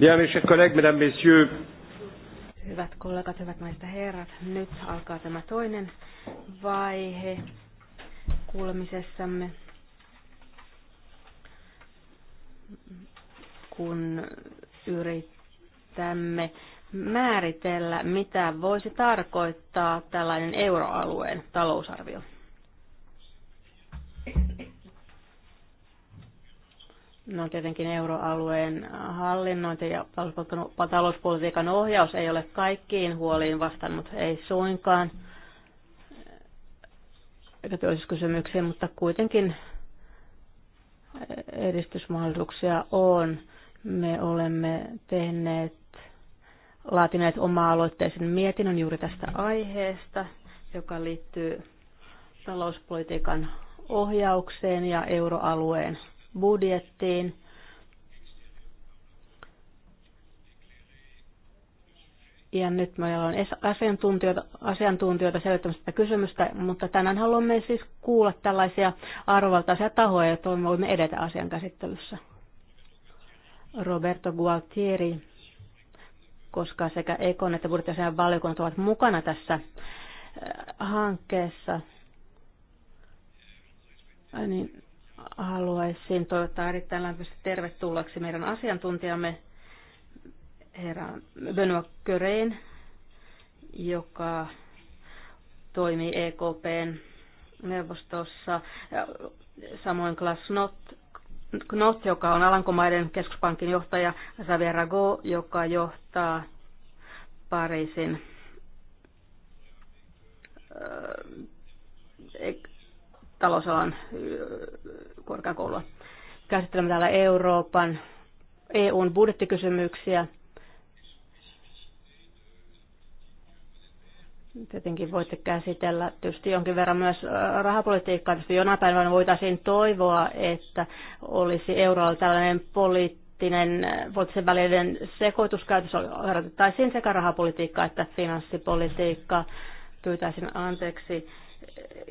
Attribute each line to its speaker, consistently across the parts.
Speaker 1: Bien, mes chers collègues, mesdames, messieurs.
Speaker 2: Hyvät kollegat, hyvät naiset ja herrat,
Speaker 3: nyt alkaa tämä toinen vaihe kuulemisessamme, kun yritämme määritellä, mitä voisi tarkoittaa tällainen euroalueen talousarvio. No tietenkin euroalueen hallinnointi ja talouspolitiikan ohjaus ei ole kaikkiin huoliin vastannut, ei suinkaan, eikä työllisyyskysymyksiin, mutta kuitenkin edistysmahdollisuuksia on. Me olemme tehneet, laatineet oma-aloitteisen mietinnön juuri tästä aiheesta, joka liittyy talouspolitiikan ohjaukseen ja euroalueen budjettiin. Ja nyt meillä on asiantuntijoita, asiantuntijoita selvittämässä tätä kysymystä, mutta tänään haluamme siis kuulla tällaisia arvovaltaisia tahoja, joita me voimme edetä asian käsittelyssä. Roberto Gualtieri, koska sekä Ekon että budjettiasian valiokunnat ovat mukana tässä äh, hankkeessa, niin haluaisin toivottaa erittäin lämpimästi tervetulleeksi meidän asiantuntijamme herra Benoit Körein, joka toimii EKPn neuvostossa, samoin Klaas Knott, joka on Alankomaiden keskuspankin johtaja, Xavier Rago, joka johtaa Pariisin talousalan korkeakoulua. Käsittelemme täällä Euroopan, EUn budjettikysymyksiä. Tietenkin voitte käsitellä tietysti jonkin verran myös rahapolitiikkaa. Tietysti jonain päivänä voitaisiin toivoa, että olisi euroalla tällainen poliittinen, poliittisen välinen sekoituskäytös, herätettäisiin sekä rahapolitiikkaa että finanssipolitiikkaa pyytäisin anteeksi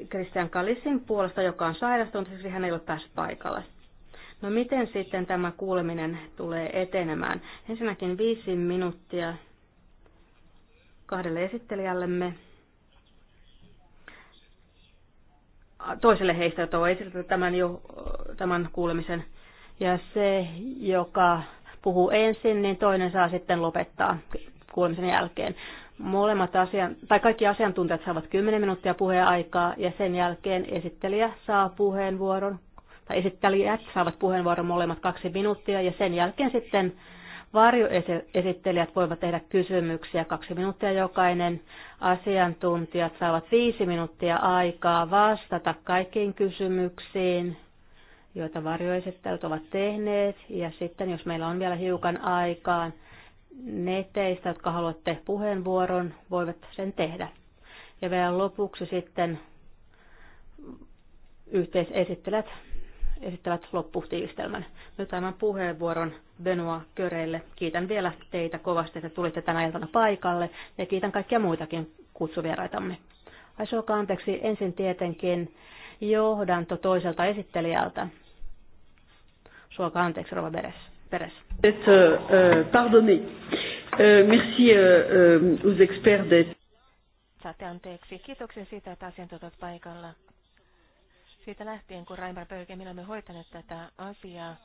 Speaker 3: Christian Kalisin puolesta, joka on sairastunut, siksi hän ei ole päässyt paikalle. No miten sitten tämä kuuleminen tulee etenemään? Ensinnäkin viisi minuuttia kahdelle esittelijällemme. Toiselle heistä, jotka ovat esitelleet tämän, jo, tämän kuulemisen. Ja se, joka puhuu ensin, niin toinen saa sitten lopettaa kuulemisen jälkeen. Molemmat asian, tai kaikki asiantuntijat saavat 10 minuuttia puheaikaa ja sen jälkeen esittelijä saa puheenvuoron, tai esittelijät saavat puheenvuoron molemmat kaksi minuuttia ja sen jälkeen sitten varjoesittelijät voivat tehdä kysymyksiä, kaksi minuuttia jokainen. Asiantuntijat saavat viisi minuuttia aikaa vastata kaikkiin kysymyksiin, joita varjoesittelyt ovat tehneet. Ja sitten, jos meillä on vielä hiukan aikaa, ne teistä, jotka haluatte puheenvuoron, voivat sen tehdä. Ja vielä lopuksi sitten yhteisesittelijät esittävät lopputiivistelmän. Nyt annan puheenvuoron Benoa Köreille. Kiitän vielä teitä kovasti, että tulitte tänä iltana paikalle ja kiitän kaikkia muitakin kutsuvieraitamme. Ai suoka anteeksi ensin tietenkin johdanto toiselta esittelijältä. Suoka anteeksi, Rova Peres
Speaker 1: d'être euh, pardonné. Euh, merci euh, euh, aux experts d'être.
Speaker 2: Saatte anteeksi. Kiitoksen siitä, että asiantuntijat paikalla. Siitä lähtien, kun Raimar Pöyke, minä olemme hoitaneet tätä asiaa,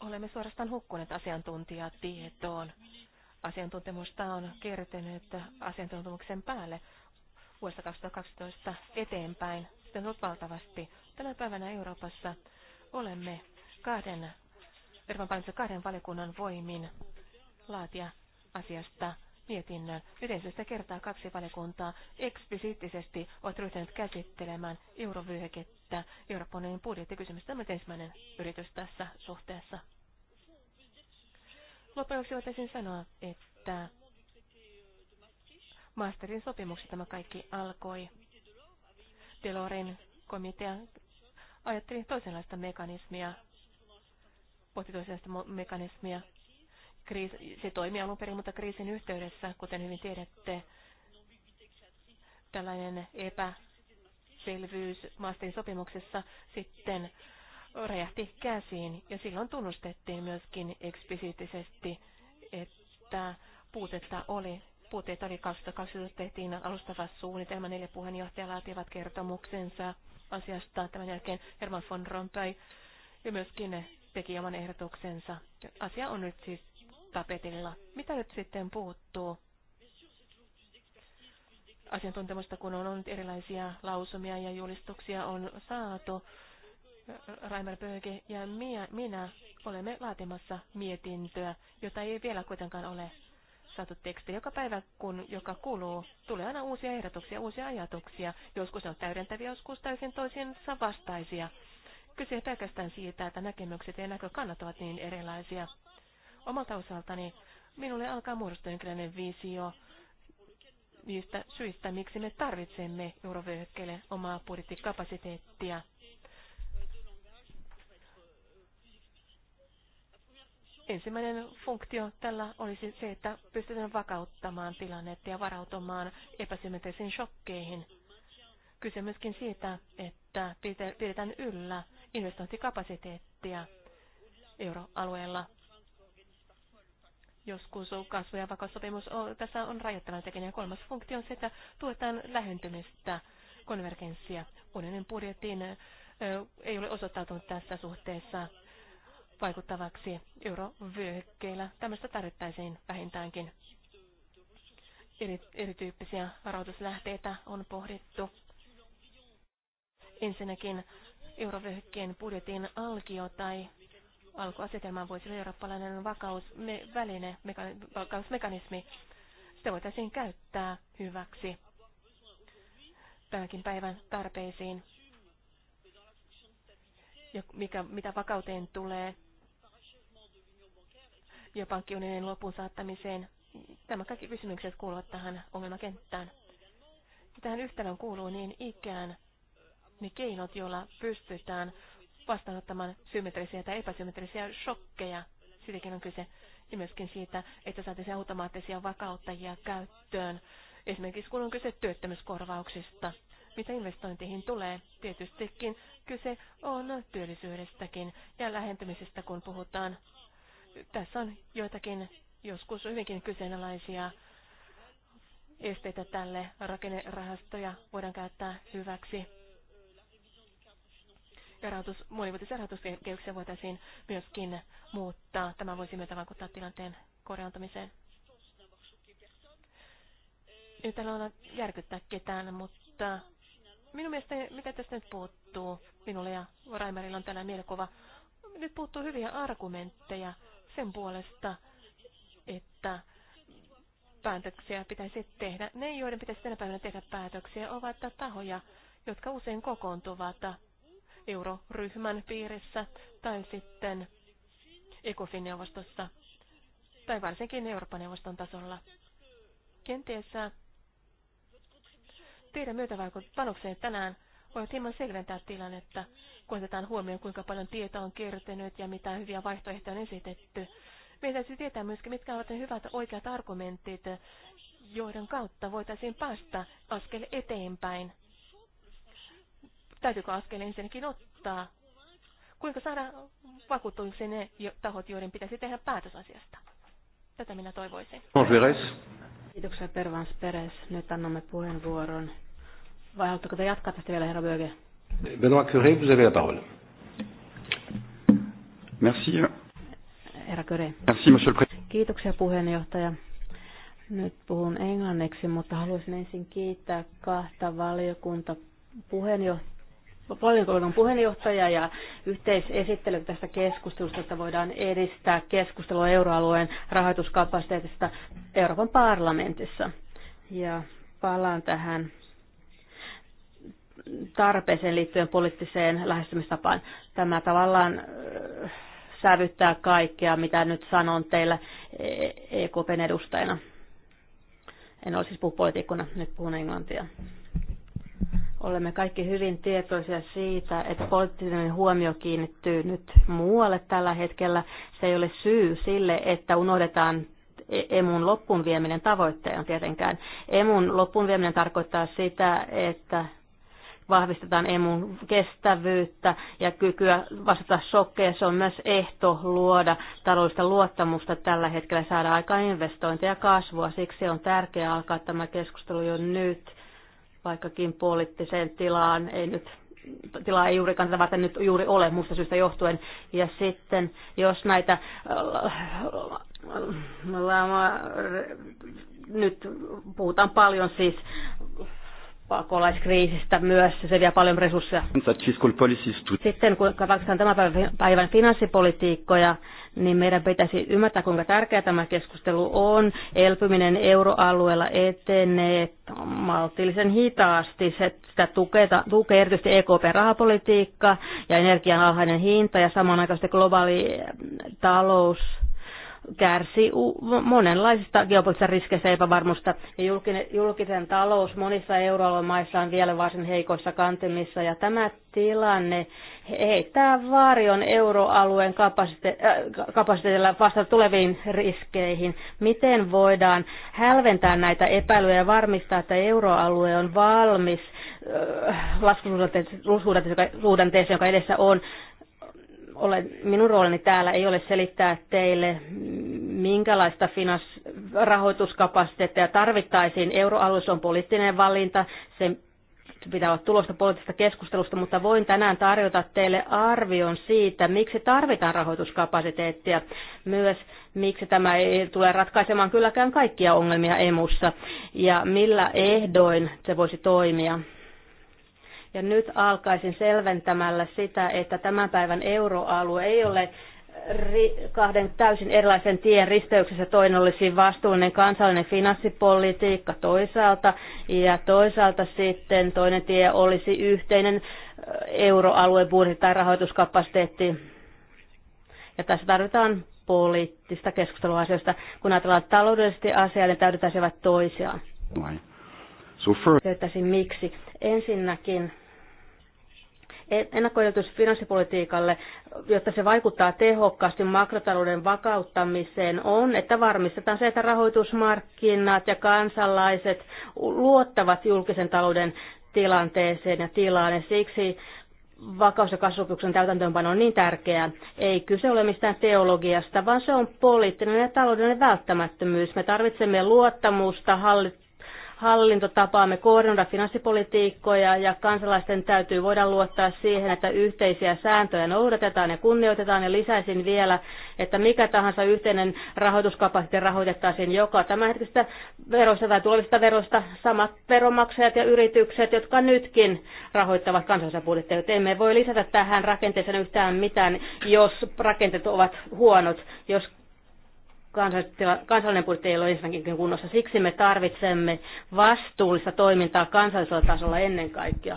Speaker 2: olemme suorastaan hukkuneet asiantuntijatietoon. tietoon. Asiantuntemusta on kertynyt asiantuntemuksen päälle vuodesta 2012 eteenpäin. Sitten on ollut valtavasti. Tänä päivänä Euroopassa olemme kahden Euroopan parlamentin kahden valiokunnan voimin laatia asiasta mietinnön. Yleisöstä kertaa kaksi valiokuntaa eksplisiittisesti ovat ryhtyneet käsittelemään eurovyöhykettä Euroopan unionin budjettikysymys. Tämä on ensimmäinen yritys tässä suhteessa. Lopuksi voitaisiin sanoa, että Maasterin sopimuksessa tämä kaikki alkoi. Delorin komitea ajatteli toisenlaista mekanismia pohti mekanismia. Kriisi, se toimii alun perin, mutta kriisin yhteydessä, kuten hyvin tiedätte, tällainen epäselvyys maasteen sopimuksessa sitten räjähti käsiin ja silloin tunnustettiin myöskin eksplisiittisesti, että puutetta oli. Puutteita oli 2020 tehtiin alustava suunnitelma. Neljä puheenjohtajaa laativat kertomuksensa asiasta. Tämän jälkeen Herman von Rompuy ja myöskin teki oman ehdotuksensa. Asia on nyt siis tapetilla. Mitä nyt sitten puuttuu? Asiantuntemusta, kun on ollut erilaisia lausumia ja julistuksia on saatu, Raimer Böge ja minä, minä olemme laatimassa mietintöä, jota ei vielä kuitenkaan ole saatu teksti. Joka päivä, kun joka kuluu, tulee aina uusia ehdotuksia, uusia ajatuksia. Joskus ne on täydentäviä, joskus täysin toisiinsa vastaisia. Kyse pelkästään siitä, että näkemykset ja näkökannat ovat niin erilaisia. Omalta osaltani minulle alkaa muodostua jonkinlainen visio niistä syistä, miksi me tarvitsemme eurovyöhykkeelle omaa budjettikapasiteettia. Ensimmäinen funktio tällä olisi se, että pystytään vakauttamaan tilannetta ja varautumaan epäsymmetrisiin shokkeihin. Kyse myöskin siitä, että pidetään yllä investointikapasiteettia euroalueella. Joskus kasvu- ja vakaussopimus on, tässä on rajoittavan tekijä. Kolmas funktio on se, että tuetaan lähentymistä, konvergenssia. Unionin budjettiin ei ole osoittautunut tässä suhteessa vaikuttavaksi eurovyöhykkeillä. Tämmöistä tarvittaisiin vähintäänkin. Eri, erityyppisiä varoituslähteitä on pohdittu. Ensinnäkin eurovyöhykkeen budjetin alkio tai alkuasetelma voisi olla eurooppalainen vakausväline, vakausmekanismi. Sitä voitaisiin käyttää hyväksi tämänkin päivän tarpeisiin. Ja mikä, mitä vakauteen tulee ja pankkiunionin lopun saattamiseen. Tämä kaikki kysymykset kuuluvat tähän ongelmakenttään. tähän yhtälön kuuluu niin ikään ne keinot, joilla pystytään vastaanottamaan symmetrisiä tai epäsymmetrisiä shokkeja. Siitäkin on kyse. Ja myöskin siitä, että saataisiin automaattisia vakauttajia käyttöön. Esimerkiksi kun on kyse työttömyyskorvauksista. Mitä investointeihin tulee, tietystikin kyse on työllisyydestäkin ja lähentymisestä, kun puhutaan. Tässä on joitakin joskus hyvinkin kyseenalaisia esteitä tälle. Rakennerahastoja voidaan käyttää hyväksi ja rahoitus, monivuotisen rahoituskehyksen voitaisiin myöskin muuttaa. Tämä voisi myötä vaikuttaa tilanteen korjaantumiseen. Nyt täällä on järkyttää ketään, mutta minun mielestäni, mitä tästä nyt puuttuu, minulle ja Raimerilla on tällainen mielikuva, nyt puuttuu hyviä argumentteja sen puolesta, että päätöksiä pitäisi tehdä. Ne, joiden pitäisi tänä päivänä tehdä päätöksiä, ovat tahoja, jotka usein kokoontuvat euroryhmän piirissä tai sitten ECOFIN-neuvostossa tai varsinkin Euroopan neuvoston tasolla. Kenties äh, teidän myötävaikutukseen tänään voi hieman selventää tilannetta, kun otetaan huomioon, kuinka paljon tietoa on kertynyt ja mitä hyviä vaihtoehtoja on esitetty. Meidän täytyy tietää myöskin, mitkä ovat ne hyvät oikeat argumentit, joiden kautta voitaisiin päästä askel eteenpäin Täytyykö askel ensinnäkin ottaa? Kuinka saada vakuuttuiksi ne tahot, joiden pitäisi tehdä päätös asiasta? Tätä minä toivoisin.
Speaker 3: Kiitoksia Pervans Peres. Nyt annamme puheenvuoron. Vai haluatteko te jatkaa tästä vielä, herra Böge?
Speaker 1: Benoît Curé, vous avez la parole. Merci. Herra Curé. Merci, monsieur le président.
Speaker 3: Kiitoksia puheenjohtaja. Nyt puhun englanniksi, mutta haluaisin ensin kiittää kahta valiokunta puheenjohtajaa valiokunnan puheenjohtaja ja yhteisesittely tästä keskustelusta, että voidaan edistää keskustelua euroalueen rahoituskapasiteetista Euroopan parlamentissa. Ja palaan tähän tarpeeseen liittyen poliittiseen lähestymistapaan. Tämä tavallaan sävyttää kaikkea, mitä nyt sanon teillä EKPn e edustajana. En ole siis puhu poliitikkona, nyt puhun englantia. Olemme kaikki hyvin tietoisia siitä, että poliittinen huomio kiinnittyy nyt muualle tällä hetkellä. Se ei ole syy sille, että unohdetaan e- emun loppuun vieminen tavoitteena tietenkään. Emun loppuun vieminen tarkoittaa sitä, että vahvistetaan emun kestävyyttä ja kykyä vastata shokkeja. Se on myös ehto luoda taloudellista luottamusta tällä hetkellä, saada aikaan investointeja ja kasvua. Siksi on tärkeää alkaa tämä keskustelu jo nyt vaikkakin poliittiseen tilaan ei nyt tilaa ei juurikaan tätä varten nyt juuri ole muusta syystä johtuen. Ja sitten jos näitä äh, äh, äh, nyt puhutaan paljon siis pakolaiskriisistä myös, se vie paljon resursseja. Sitten kun katsotaan tämän päivän finanssipolitiikkoja, niin meidän pitäisi ymmärtää, kuinka tärkeä tämä keskustelu on. Elpyminen euroalueella etenee maltillisen hitaasti. Se, sitä tukee, tukee erityisesti EKP-rahapolitiikka ja energian alhainen hinta ja samanaikaisesti globaali eh, talous kärsii monenlaisista geopoliittisista riskeistä ja Ja julkinen, julkisen talous monissa euroalueen maissa on vielä varsin heikoissa kantimissa. Ja tämä tilanne heittää vaarion euroalueen kapasite- äh, kapasiteetilla vasta tuleviin riskeihin. Miten voidaan hälventää näitä epäilyjä ja varmistaa, että euroalue on valmis äh, laskusuhdanteeseen, joka edessä on olen, minun roolini täällä ei ole selittää teille, minkälaista finans- rahoituskapasiteettia tarvittaisiin. Euroalueessa on poliittinen valinta, se pitää olla tulosta poliittisesta keskustelusta, mutta voin tänään tarjota teille arvion siitä, miksi tarvitaan rahoituskapasiteettia, myös miksi tämä ei tule ratkaisemaan kylläkään kaikkia ongelmia emussa ja millä ehdoin se voisi toimia. Ja nyt alkaisin selventämällä sitä, että tämän päivän euroalue ei ole kahden täysin erilaisen tien risteyksessä toinen olisi vastuullinen kansallinen finanssipolitiikka toisaalta ja toisaalta sitten toinen tie olisi yhteinen euroalueen budjetti tai rahoituskapasiteetti. Ja tässä tarvitaan poliittista keskustelua asioista. Kun ajatellaan taloudellisesti asiaa, ne täydentäisivät toisiaan.
Speaker 1: So first...
Speaker 3: miksi. Ensinnäkin E- ennakoidutus finanssipolitiikalle, jotta se vaikuttaa tehokkaasti makrotalouden vakauttamiseen, on, että varmistetaan se, että rahoitusmarkkinat ja kansalaiset luottavat julkisen talouden tilanteeseen ja tilaan. Ja siksi vakaus- ja kasvupyksen täytäntöönpano on niin tärkeää. Ei kyse ole mistään teologiasta, vaan se on poliittinen ja taloudellinen välttämättömyys. Me tarvitsemme luottamusta hallit hallintotapaamme koordinoida finanssipolitiikkoja ja kansalaisten täytyy voida luottaa siihen, että yhteisiä sääntöjä noudatetaan ja kunnioitetaan. Ja lisäisin vielä, että mikä tahansa yhteinen rahoituskapasite rahoitettaisiin joka tämänhetkistä verosta tai tulevista verosta samat veronmaksajat ja yritykset, jotka nytkin rahoittavat kansallisia budjetteja. Emme voi lisätä tähän rakenteeseen yhtään mitään, jos rakenteet ovat huonot. Jos kansallinen budjetti ei ole ensinnäkin kunnossa. Siksi me tarvitsemme vastuullista toimintaa kansallisella tasolla ennen kaikkea.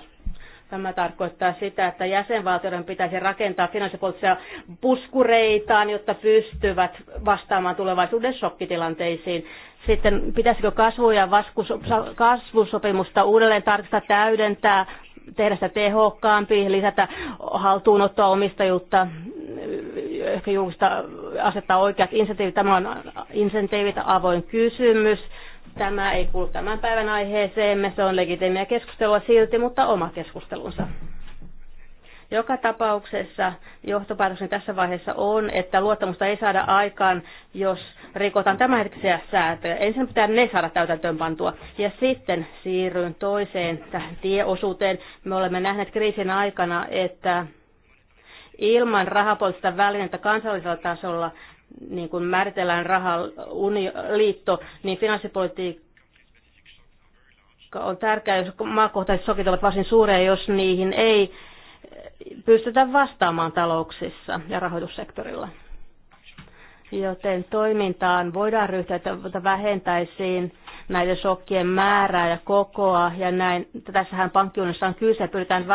Speaker 3: Tämä tarkoittaa sitä, että jäsenvaltioiden pitäisi rakentaa finanssipoliittisia puskureitaan, jotta pystyvät vastaamaan tulevaisuuden shokkitilanteisiin. Sitten pitäisikö kasvu- ja kasvusopimusta uudelleen tarkistaa, täydentää, tehdä sitä tehokkaampi, lisätä haltuunottoa omistajuutta ehkä julkista asettaa oikeat insentiivit. Tämä on insentiivit avoin kysymys. Tämä ei kuulu tämän päivän aiheeseemme, se on legitimiä keskustelua silti, mutta oma keskustelunsa. Joka tapauksessa johtopäätökseni tässä vaiheessa on, että luottamusta ei saada aikaan, jos rikotaan tämänhetkisiä sääntöjä. Ensin pitää ne saada täytäntöönpantua. Ja sitten siirryn toiseen tähän tieosuuteen. Me olemme nähneet kriisin aikana, että ilman rahapoliittista välinettä kansallisella tasolla, niin kuin määritellään rahaliitto, niin finanssipolitiikka on tärkeää, jos maakohtaiset sokit ovat varsin suuria, jos niihin ei pystytä vastaamaan talouksissa ja rahoitussektorilla. Joten toimintaan voidaan ryhtyä, että vähentäisiin näiden shokkien määrää ja kokoa. Ja näin, tässähän pankkiunissa on kyse, pyritään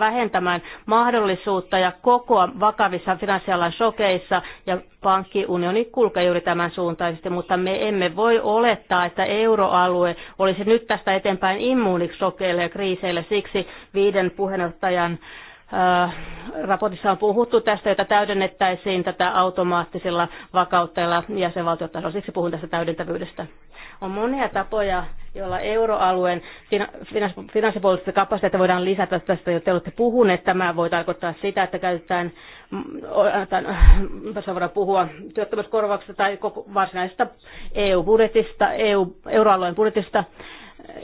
Speaker 3: vähentämään mahdollisuutta ja kokoa vakavissa finanssialan shokeissa ja pankkiunioni kulkee juuri tämän suuntaisesti, mutta me emme voi olettaa, että euroalue olisi nyt tästä eteenpäin immuuniksi shokeille ja kriiseille. Siksi viiden puheenjohtajan Äh, raportissa on puhuttu tästä, jota täydennettäisiin tätä automaattisilla vakautteilla jäsenvaltiotasolla. Siksi puhun tästä täydentävyydestä. On monia tapoja, joilla euroalueen finanssipoliittista kapasiteettia voidaan lisätä. Tästä jo te olette puhuneet. Tämä voi tarkoittaa sitä, että käytetään, mm, äh, tässä voidaan puhua työttömyyskorvauksesta tai koko varsinaisesta EU-budjetista, EU, euroalueen budjetista. EU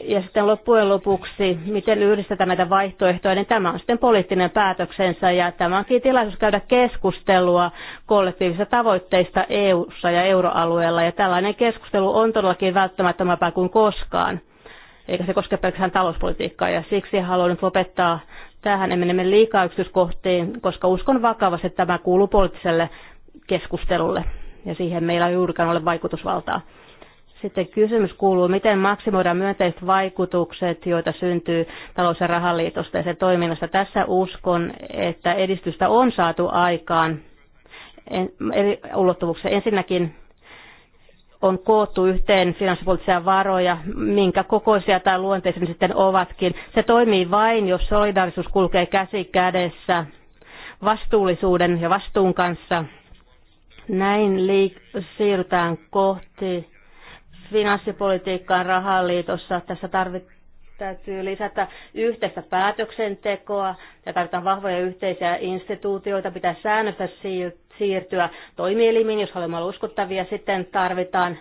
Speaker 3: ja sitten loppujen lopuksi, miten yhdistetään näitä vaihtoehtoja, niin tämä on sitten poliittinen päätöksensä ja tämä onkin tilaisuus käydä keskustelua kollektiivisista tavoitteista EU-ssa ja euroalueella. Ja tällainen keskustelu on todellakin välttämättömämpää kuin koskaan, eikä se koske pelkästään talouspolitiikkaa. Ja siksi haluan nyt lopettaa tähän, emme mene liikaa yksityiskohtiin, koska uskon vakavasti, että tämä kuuluu poliittiselle keskustelulle ja siihen meillä ei juurikaan ole vaikutusvaltaa. Sitten kysymys kuuluu, miten maksimoidaan myönteiset vaikutukset, joita syntyy talous- ja rahaliitosta ja sen toiminnasta. Tässä uskon, että edistystä on saatu aikaan eri ulottuvuuksia. Ensinnäkin on koottu yhteen finanssipoliittisia varoja, minkä kokoisia tai luonteisia ne sitten ovatkin. Se toimii vain, jos solidaarisuus kulkee käsi kädessä vastuullisuuden ja vastuun kanssa. Näin liik- siirrytään kohti finanssipolitiikkaan rahaliitossa. Tässä tarvitaan täytyy lisätä yhteistä päätöksentekoa ja tarvitaan vahvoja yhteisiä instituutioita, pitää säännöstä siirtyä toimielimiin, jos haluamme olla uskottavia, sitten tarvitaan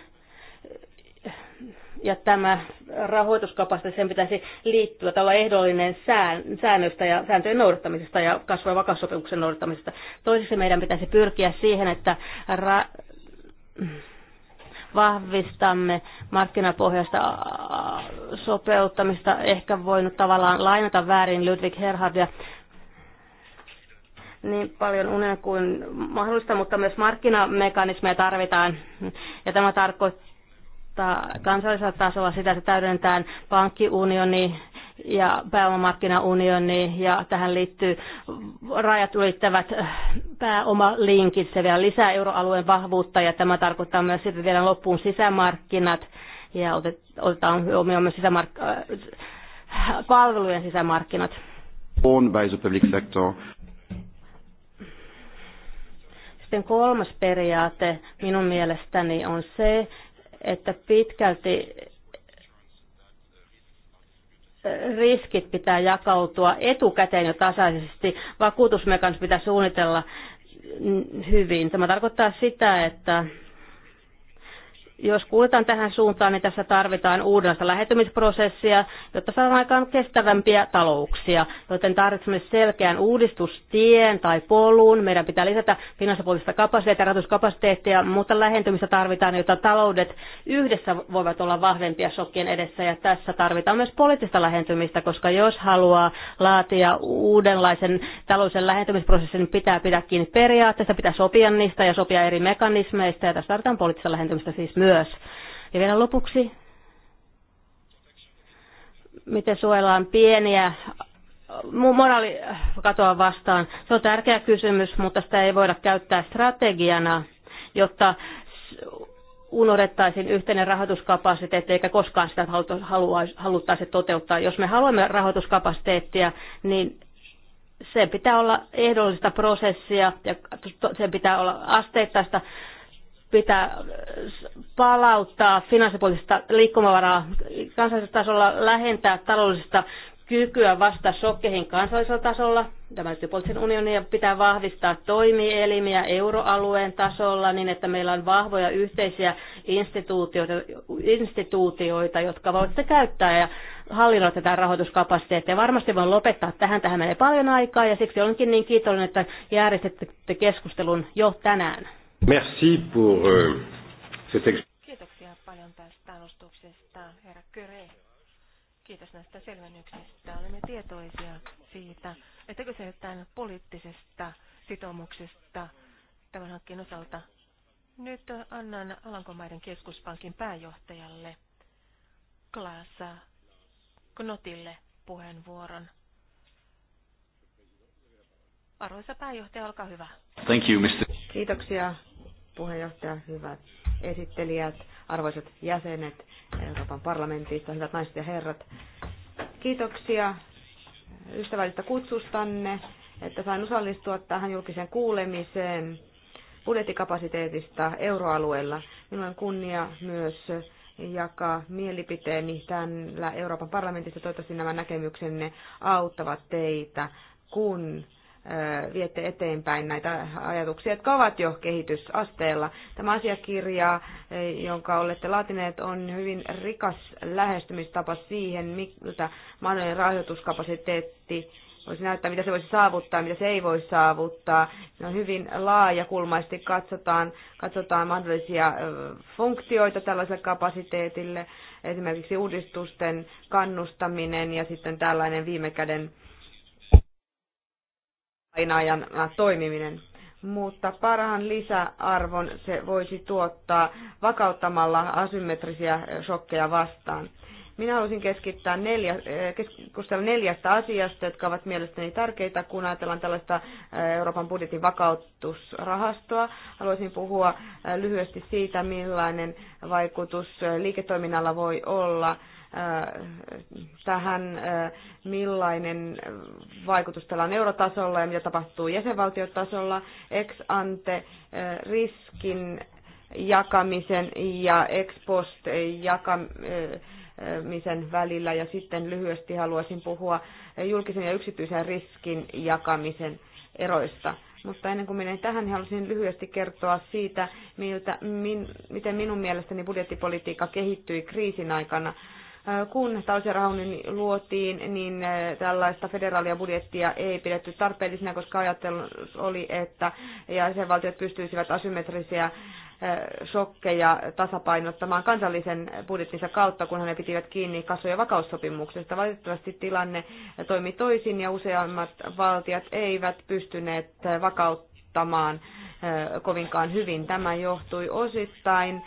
Speaker 3: ja tämä rahoituskapasta, sen pitäisi liittyä tällä ehdollinen sään, säännöstä ja sääntöjen noudattamisesta ja kasvu- ja vakaussopimuksen noudattamisesta. Toiseksi meidän pitäisi pyrkiä siihen, että ra- vahvistamme markkinapohjaista sopeuttamista. Ehkä voinut tavallaan lainata väärin Ludwig Herhardia niin paljon unen kuin mahdollista, mutta myös markkinamekanismeja tarvitaan. Ja tämä tarkoittaa kansallisella tasolla sitä, että täydennetään pankkiunioni ja pääomamarkkinaunioni ja tähän liittyy rajat ylittävät äh, pääomalinkit. Se vielä lisää euroalueen vahvuutta ja tämä tarkoittaa myös sitten vielä loppuun sisämarkkinat ja otetaan huomioon myös sisämark- äh, palvelujen sisämarkkinat.
Speaker 1: On by the public sector.
Speaker 3: Sitten kolmas periaate minun mielestäni on se, että pitkälti riskit pitää jakautua etukäteen jo tasaisesti. Vakuutusmekanismi pitää suunnitella hyvin. Tämä tarkoittaa sitä, että jos kuljetaan tähän suuntaan, niin tässä tarvitaan uudenlaista lähetymisprosessia, jotta saadaan aikaan kestävämpiä talouksia. Joten tarvitsemme selkeän uudistustien tai polun. Meidän pitää lisätä finanssipuolista kapasiteettia, rahoituskapasiteettia, mutta lähentymistä tarvitaan, jotta taloudet yhdessä voivat olla vahvempia shokkien edessä. Ja tässä tarvitaan myös poliittista lähentymistä, koska jos haluaa laatia uudenlaisen taloudellisen lähentymisprosessin, niin pitää pitää kiinni periaatteesta, pitää sopia niistä ja sopia eri mekanismeista. Ja tässä tarvitaan poliittista lähentymistä siis myös myös. Ja vielä lopuksi, miten suojellaan pieniä moraali katoa vastaan. Se on tärkeä kysymys, mutta sitä ei voida käyttää strategiana, jotta unohdettaisiin yhteinen rahoituskapasiteetti, eikä koskaan sitä haluttaisi toteuttaa. Jos me haluamme rahoituskapasiteettia, niin sen pitää olla ehdollista prosessia ja sen pitää olla asteittaista pitää äh, palauttaa finanssipoliittista liikkumavaraa kansallisella tasolla, lähentää taloudellista kykyä vastata shokkeihin kansallisella tasolla, tämä liittyy poliittisen unionin, ja pitää vahvistaa toimielimiä euroalueen tasolla niin, että meillä on vahvoja yhteisiä instituutioita, instituutioita jotka voitte käyttää ja hallinnoida tätä rahoituskapasiteettia. Varmasti voin lopettaa tähän, tähän menee paljon aikaa, ja siksi olenkin niin kiitollinen, että järjestätte keskustelun jo tänään.
Speaker 1: Merci pour euh,
Speaker 2: cette Kiitoksia paljon tästä alustuksesta, herra Kyre. Kiitos näistä selvennyksistä. Olemme tietoisia siitä, että kyse tämän poliittisesta sitoumuksesta tämän hankkeen osalta. Nyt annan Alankomaiden keskuspankin pääjohtajalle Klaasa Knotille puheenvuoron. Arvoisa pääjohtaja, olkaa hyvä.
Speaker 1: Thank you, Mr.
Speaker 4: Kiitoksia puheenjohtaja, hyvät esittelijät, arvoiset jäsenet Euroopan parlamentista, hyvät naiset ja herrat. Kiitoksia ystävällistä kutsustanne, että sain osallistua tähän julkiseen kuulemiseen budjettikapasiteetista euroalueella. Minulla on kunnia myös jakaa mielipiteeni täällä Euroopan parlamentissa. Toivottavasti nämä näkemyksenne auttavat teitä, kun viette eteenpäin näitä ajatuksia, jotka ovat jo kehitysasteella. Tämä asiakirja, jonka olette laatineet, on hyvin rikas lähestymistapa siihen, miltä mahdollinen rahoituskapasiteetti voisi näyttää, mitä se voisi saavuttaa, mitä se ei voi saavuttaa. Se on hyvin laajakulmaisesti, katsotaan, katsotaan mahdollisia funktioita tällaiselle kapasiteetille, esimerkiksi uudistusten kannustaminen ja sitten tällainen viime käden lainaajana äh, toimiminen. Mutta parhaan lisäarvon se voisi tuottaa vakauttamalla asymmetrisiä shokkeja vastaan. Minä haluaisin keskittää neljä, äh, keskustella neljästä asiasta, jotka ovat mielestäni tärkeitä, kun ajatellaan tällaista äh, Euroopan budjetin vakautusrahastoa. Haluaisin puhua lyhyesti siitä, millainen vaikutus liiketoiminnalla voi olla Äh, tähän, äh, millainen vaikutus tällä on eurotasolla ja mitä tapahtuu jäsenvaltiotasolla, ex ante äh, riskin jakamisen ja ex post jakamisen välillä ja sitten lyhyesti haluaisin puhua julkisen ja yksityisen riskin jakamisen eroista. Mutta ennen kuin menen tähän, niin haluaisin lyhyesti kertoa siitä, miltä, min, miten minun mielestäni budjettipolitiikka kehittyi kriisin aikana. Äh, kun Tauserauni luotiin, niin äh, tällaista federaalia budjettia ei pidetty tarpeellisena, koska ajattelu oli, että jäsenvaltiot pystyisivät asymmetrisiä äh, shokkeja tasapainottamaan kansallisen budjettinsa kautta, kun ne pitivät kiinni kasvo- ja vakaussopimuksesta. Valitettavasti tilanne toimi toisin ja useammat valtiot eivät pystyneet vakauttamaan vaikuttamaan kovinkaan hyvin. Tämä johtui osittain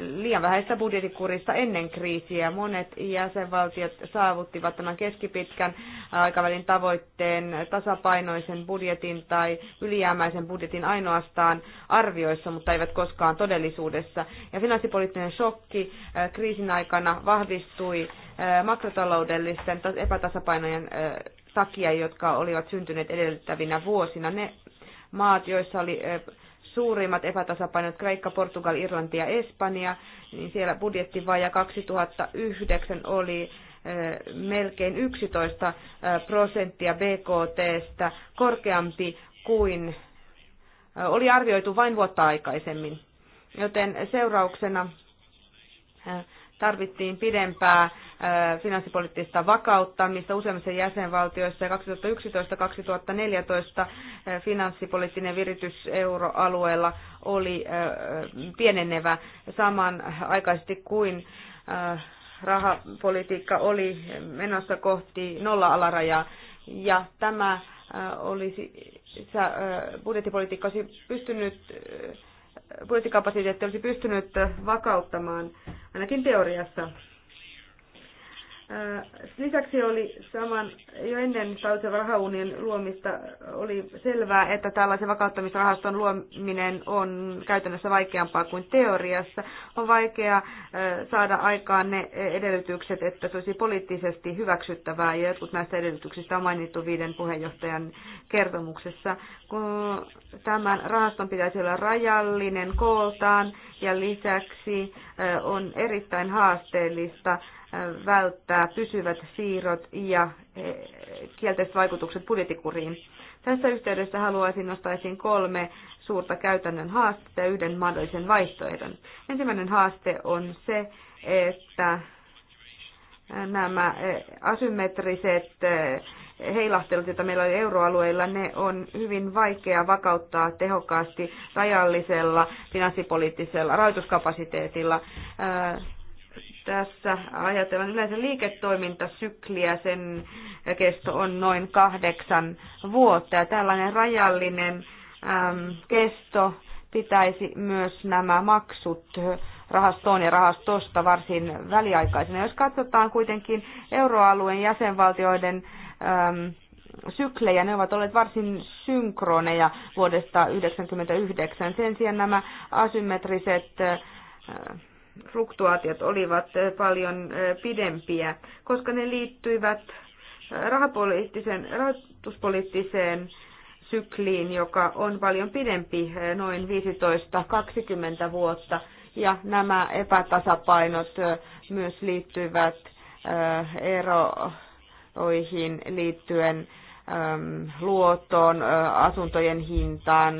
Speaker 4: liian vähäistä budjettikurista ennen kriisiä. Monet jäsenvaltiot saavuttivat tämän keskipitkän aikavälin tavoitteen tasapainoisen budjetin tai ylijäämäisen budjetin ainoastaan arvioissa, mutta eivät koskaan todellisuudessa. Ja finanssipoliittinen shokki kriisin aikana vahvistui makrotaloudellisten epätasapainojen takia, jotka olivat syntyneet edellyttävinä vuosina. Ne maat, joissa oli eh, suurimmat epätasapainot, Kreikka, Portugal, Irlanti ja Espanja, niin siellä budjettivaja 2009 oli eh, melkein 11 eh, prosenttia BKTstä korkeampi kuin oli arvioitu vain vuotta aikaisemmin. Joten seurauksena tarvittiin pidempää finanssipoliittista vakauttamista useimmissa jäsenvaltioissa. 2011-2014 finanssipoliittinen viritys euroalueella oli pienenevä samanaikaisesti kuin rahapolitiikka oli menossa kohti nolla-alarajaa. Ja tämä olisi, budjettipolitiikka olisi pystynyt budjettikapasiteetti olisi pystynyt vakauttamaan, ainakin teoriassa, Lisäksi oli saman, jo ennen Sautsen rahaunion luomista oli selvää, että tällaisen vakauttamisrahaston luominen on käytännössä vaikeampaa kuin teoriassa. On vaikea saada aikaan ne edellytykset, että se olisi poliittisesti hyväksyttävää, ja jotkut näistä edellytyksistä on mainittu viiden puheenjohtajan kertomuksessa. Kun tämän rahaston pitäisi olla rajallinen kooltaan, ja lisäksi on erittäin haasteellista välttää pysyvät siirrot ja e, kielteiset vaikutukset budjettikuriin. Tässä yhteydessä haluaisin nostaa esiin kolme suurta käytännön haastetta ja yhden mahdollisen vaihtoehdon. Ensimmäinen haaste on se, että nämä asymmetriset heilahtelut, joita meillä oli euroalueilla, ne on hyvin vaikea vakauttaa tehokkaasti rajallisella finanssipoliittisella rahoituskapasiteetilla. Äh, tässä ajatellaan yleensä liiketoimintasykliä, sen kesto on noin kahdeksan vuotta ja tällainen rajallinen kesto pitäisi myös nämä maksut rahastoon ja rahastosta varsin väliaikaisena. Jos katsotaan kuitenkin euroalueen jäsenvaltioiden Ähm, syklejä, ne ovat olleet varsin synkroneja vuodesta 1999. Sen sijaan nämä asymmetriset äh, fluktuaatiot olivat äh, paljon äh, pidempiä, koska ne liittyivät rahapoliittiseen, rahoituspoliittiseen sykliin, joka on paljon pidempi, noin 15-20 vuotta. Ja nämä epätasapainot myös liittyvät ero hintoihin liittyen ähm, luottoon, asuntojen hintaan,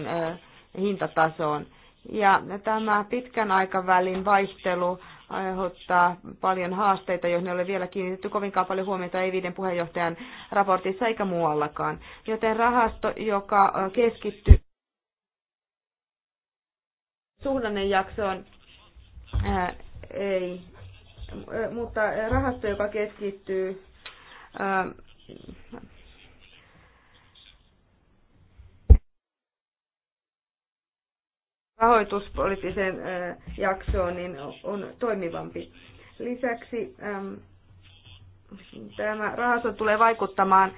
Speaker 4: hintatasoon. Ja tämä pitkän aikavälin vaihtelu aiheuttaa paljon haasteita, joihin ei ole vielä kiinnitetty kovinkaan paljon huomiota ei viiden puheenjohtajan raportissa eikä muuallakaan. Joten rahasto, joka keskittyy suhdannejaksoon, ei, mutta rahasto, joka keskittyy rahoituspoliittiseen jaksoon, niin on toimivampi. Lisäksi tämä rahasto tulee vaikuttamaan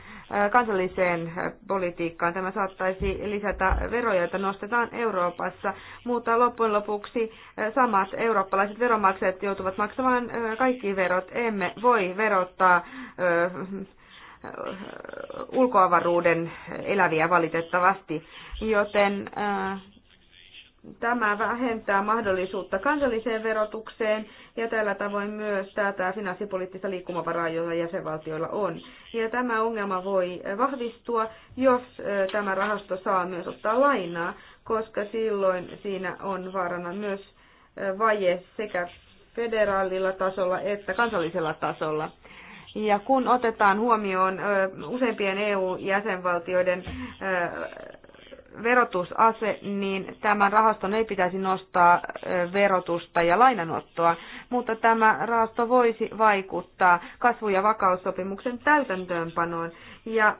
Speaker 4: kansalliseen politiikkaan. Tämä saattaisi lisätä veroja, joita nostetaan Euroopassa, mutta loppujen lopuksi samat eurooppalaiset veromaksajat joutuvat maksamaan kaikki verot. Emme voi verottaa ulkoavaruuden eläviä valitettavasti, joten tämä vähentää mahdollisuutta kansalliseen verotukseen ja tällä tavoin myös tätä finanssipoliittista liikkumavaraa, jota jäsenvaltioilla on. Ja tämä ongelma voi vahvistua, jos tämä rahasto saa myös ottaa lainaa, koska silloin siinä on vaarana myös vaje sekä federaalilla tasolla että kansallisella tasolla. Ja kun otetaan huomioon useimpien EU-jäsenvaltioiden verotusase, niin tämän rahaston ei pitäisi nostaa verotusta ja lainanottoa, mutta tämä rahasto voisi vaikuttaa kasvu- ja vakaussopimuksen täytäntöönpanoon. Ja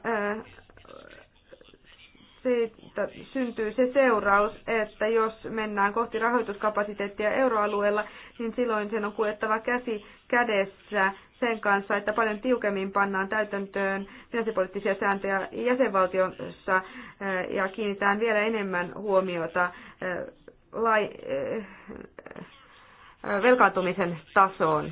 Speaker 4: siitä syntyy se seuraus, että jos mennään kohti rahoituskapasiteettia euroalueella, niin silloin sen on kuettava käsi kädessä sen kanssa, että paljon tiukemmin pannaan täytäntöön finanssipoliittisia sääntöjä jäsenvaltiossa eh, ja kiinnitään vielä enemmän huomiota eh, lai, eh, velkaantumisen tasoon.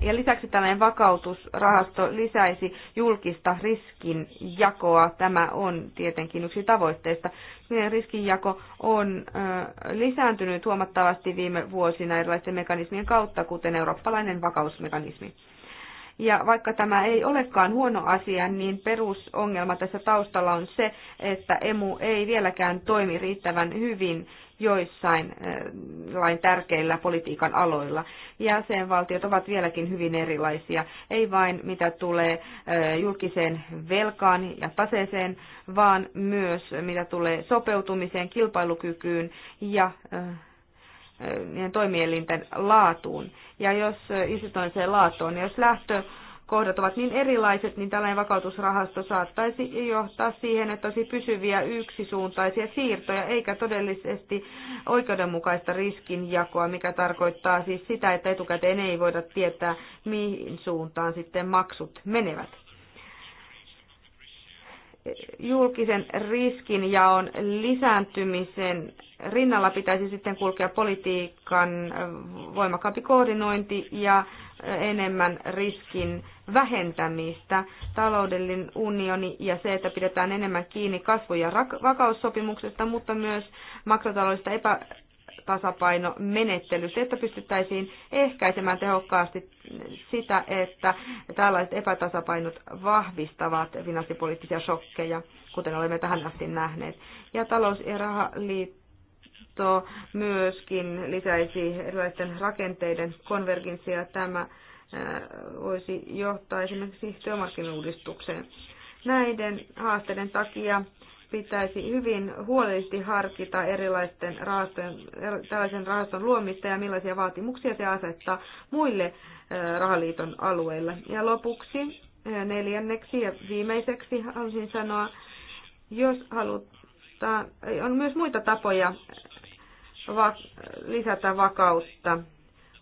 Speaker 4: Ja lisäksi tällainen vakautusrahasto lisäisi julkista riskinjakoa. Tämä on tietenkin yksi tavoitteista. Meidän riskinjako on lisääntynyt huomattavasti viime vuosina erilaisten mekanismien kautta, kuten eurooppalainen vakausmekanismi. Ja vaikka tämä ei olekaan huono asia, niin perusongelma tässä taustalla on se, että emu ei vieläkään toimi riittävän hyvin joissain eh, lain tärkeillä politiikan aloilla. Jäsenvaltiot ovat vieläkin hyvin erilaisia, ei vain mitä tulee eh, julkiseen velkaan ja taseeseen, vaan myös mitä tulee sopeutumiseen, kilpailukykyyn ja eh, toimielinten laatuun. Ja jos se laatuun, niin jos lähtö kohdat ovat niin erilaiset, niin tällainen vakautusrahasto saattaisi johtaa siihen, että olisi pysyviä yksisuuntaisia siirtoja, eikä todellisesti oikeudenmukaista riskinjakoa, mikä tarkoittaa siis sitä, että etukäteen ei voida tietää, mihin suuntaan sitten maksut menevät julkisen riskin on lisääntymisen rinnalla pitäisi sitten kulkea politiikan voimakkaampi koordinointi ja enemmän riskin vähentämistä. Taloudellinen unioni ja se, että pidetään enemmän kiinni kasvu- ja vakaussopimuksesta, mutta myös makrotaloudellista epä menettely. että pystyttäisiin ehkäisemään tehokkaasti sitä, että tällaiset epätasapainot vahvistavat finanssipoliittisia shokkeja, kuten olemme tähän asti nähneet. Ja talous- ja rahaliitto myöskin lisäisi erilaisten rakenteiden konvergenssia. Tämä voisi johtaa esimerkiksi työmarkkinuudistukseen. Näiden haasteiden takia pitäisi hyvin huolellisesti harkita erilaisten rahastojen, er, tällaisen rahaston luomista ja millaisia vaatimuksia se asettaa muille rahaliiton alueille. Ja lopuksi neljänneksi ja viimeiseksi haluaisin sanoa, jos halutaan, on myös muita tapoja lisätä vakautta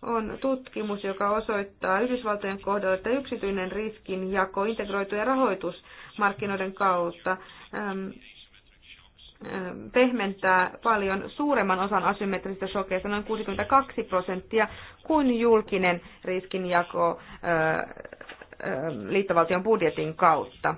Speaker 4: on tutkimus, joka osoittaa Yhdysvaltojen kohdalla, että yksityinen riskinjako integroitujen rahoitusmarkkinoiden kautta pehmentää paljon suuremman osan asymmetrisistä shokeista, noin 62 prosenttia, kuin julkinen riskinjako liittovaltion budjetin kautta.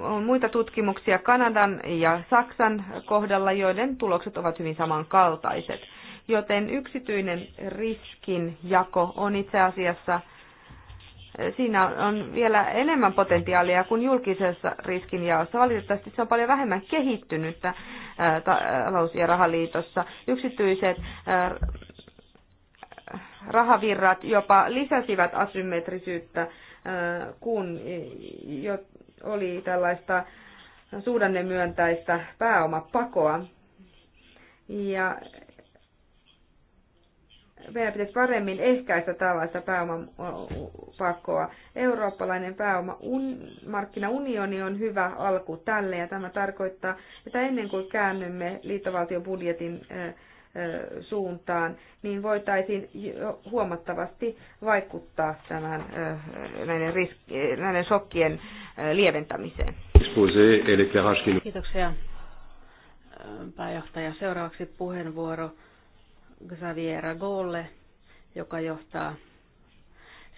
Speaker 4: On muita tutkimuksia Kanadan ja Saksan kohdalla, joiden tulokset ovat hyvin samankaltaiset joten yksityinen riskinjako on itse asiassa siinä on vielä enemmän potentiaalia kuin julkisessa riskinjaossa. Valitettavasti se on paljon vähemmän kehittynyttä talous- ja rahaliitossa. Yksityiset rahavirrat jopa lisäsivät asymmetrisyyttä, kun oli tällaista suhdannemyöntäistä pääomapakoa. Ja meidän pitäisi paremmin ehkäistä tällaista pääomapakkoa. Eurooppalainen pääomamarkkinaunioni on hyvä alku tälle ja tämä tarkoittaa, että ennen kuin käännymme liittovaltion budjetin suuntaan, niin voitaisiin huomattavasti vaikuttaa tämän, näiden, risk- näiden shokkien lieventämiseen. Kiitoksia pääjohtaja. Seuraavaksi puheenvuoro
Speaker 3: Xaviera Golle, joka johtaa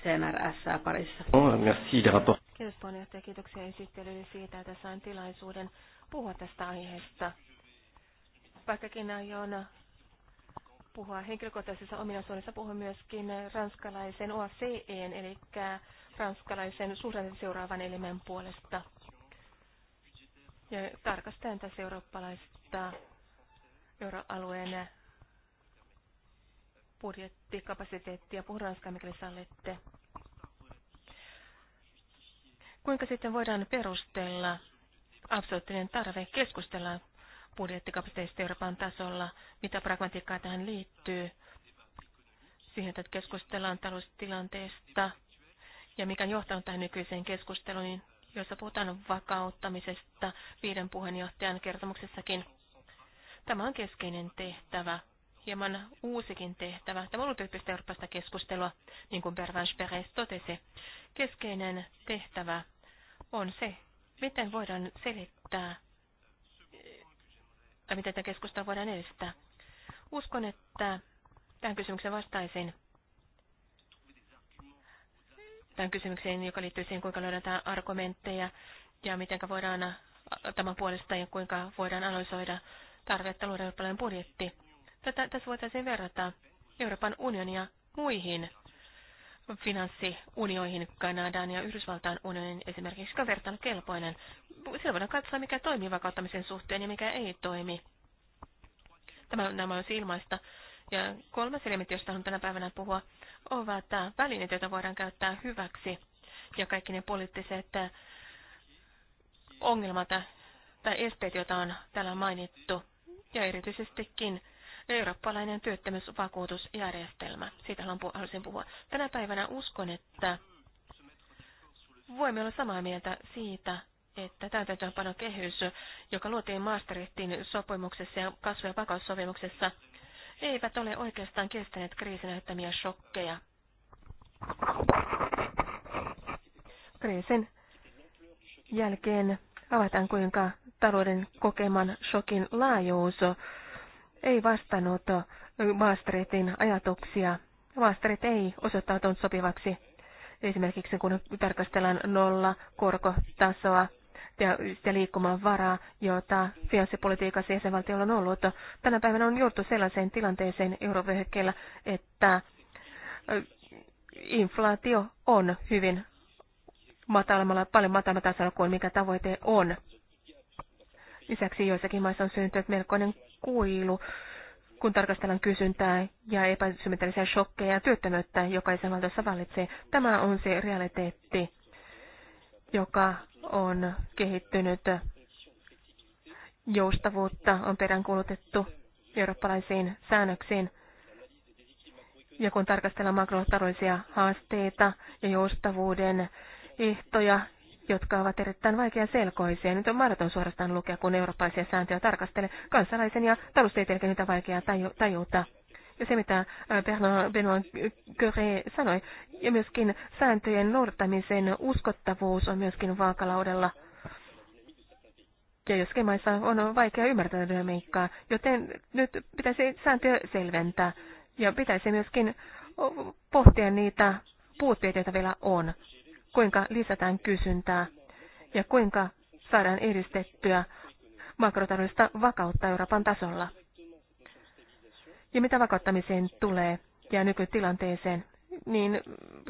Speaker 3: CNRS parissa.
Speaker 2: Oh, merci, Kiitos puheenjohtaja, kiitoksia esittelyyn siitä, että sain tilaisuuden puhua tästä aiheesta. Vaikkakin aion puhua henkilökohtaisessa ominaisuudessa, puhun myöskin ranskalaisen OACEn, eli ranskalaisen suhdanteen seuraavan elimen puolesta. Ja tarkastan tässä eurooppalaista euroalueen budjettikapasiteettia. Puhun ranskaa, mikäli sallitte. Kuinka sitten voidaan perustella absoluuttinen tarve keskustella budjettikapasiteetista Euroopan tasolla, mitä pragmatiikkaa tähän liittyy, siihen, että keskustellaan taloustilanteesta ja mikä on johtanut tähän nykyiseen keskusteluun, jossa puhutaan vakauttamisesta viiden puheenjohtajan kertomuksessakin. Tämä on keskeinen tehtävä hieman uusikin tehtävä. Tämä on ollut yhteistä eurooppaista keskustelua, niin kuin Bervans Perez totesi. Keskeinen tehtävä on se, miten voidaan selittää, tai miten tämä keskustelu voidaan edistää. Uskon, että tämän kysymyksen vastaisin tämän kysymykseen, joka liittyy siihen, kuinka löydetään argumentteja ja miten voidaan tämän puolesta ja kuinka voidaan analysoida tarvetta luoda budjetti Tätä, tässä voitaisiin verrata Euroopan unionia muihin finanssiunioihin, Kanadaan ja Yhdysvaltain unionin esimerkiksi, joka on kelpoinen. Siellä voidaan katsoa, mikä toimii vakauttamisen suhteen ja mikä ei toimi. Tämä, nämä on ilmaista. Ja kolmas elementti, josta on tänä päivänä puhua, ovat välineet, joita voidaan käyttää hyväksi. Ja kaikki ne poliittiset äh, ongelmat äh, tai esteet, joita on täällä mainittu. Ja erityisestikin eurooppalainen työttömyysvakuutusjärjestelmä. Siitä haluaisin puhua. Tänä päivänä uskon, että voimme olla samaa mieltä siitä, että kehys, joka luotiin Maastrichtin sopimuksessa ja kasvu- ja vakaussopimuksessa, eivät ole oikeastaan kestäneet kriisin näyttämiä shokkeja. Kriisin jälkeen avataan kuinka talouden kokeman shokin laajuus ei vastannut Maastretin ajatuksia. Maastret ei osoittautunut sopivaksi. Esimerkiksi kun tarkastellaan nolla korkotasoa ja sitä varaa, jota finanssipolitiikassa jäsenvaltiolla on ollut. Tänä päivänä on joutu sellaiseen tilanteeseen eurovyöhykkeellä, että inflaatio on hyvin matalammalla, paljon matalammalla tasolla kuin mikä tavoite on. Lisäksi joissakin maissa on syntynyt melkoinen kuilu, kun tarkastellaan kysyntää ja epäsymmetrisiä shokkeja ja työttömyyttä, jokaisen valtiossa vallitsee. Tämä on se realiteetti, joka on kehittynyt. Joustavuutta on peräänkuulutettu eurooppalaisiin säännöksiin. Ja kun tarkastellaan makrotaloudellisia haasteita ja joustavuuden ehtoja jotka ovat erittäin vaikea selkoisia. Nyt on mahdoton suorastaan lukea, kun eurooppalaisia sääntöjä tarkastelee kansalaisen ja taloustieteilijän niitä vaikeaa tajuta. Ja se, mitä äh, Bernard Benoit Curé sanoi, ja myöskin sääntöjen noudattamisen uskottavuus on myöskin vaakalaudella. Ja jos kemaissa on vaikea ymmärtää dynamiikkaa, joten nyt pitäisi sääntöä selventää ja pitäisi myöskin pohtia niitä puutteita, joita vielä on kuinka lisätään kysyntää ja kuinka saadaan edistettyä makrotaloudellista vakautta Euroopan tasolla. Ja mitä vakauttamiseen tulee ja nykytilanteeseen, niin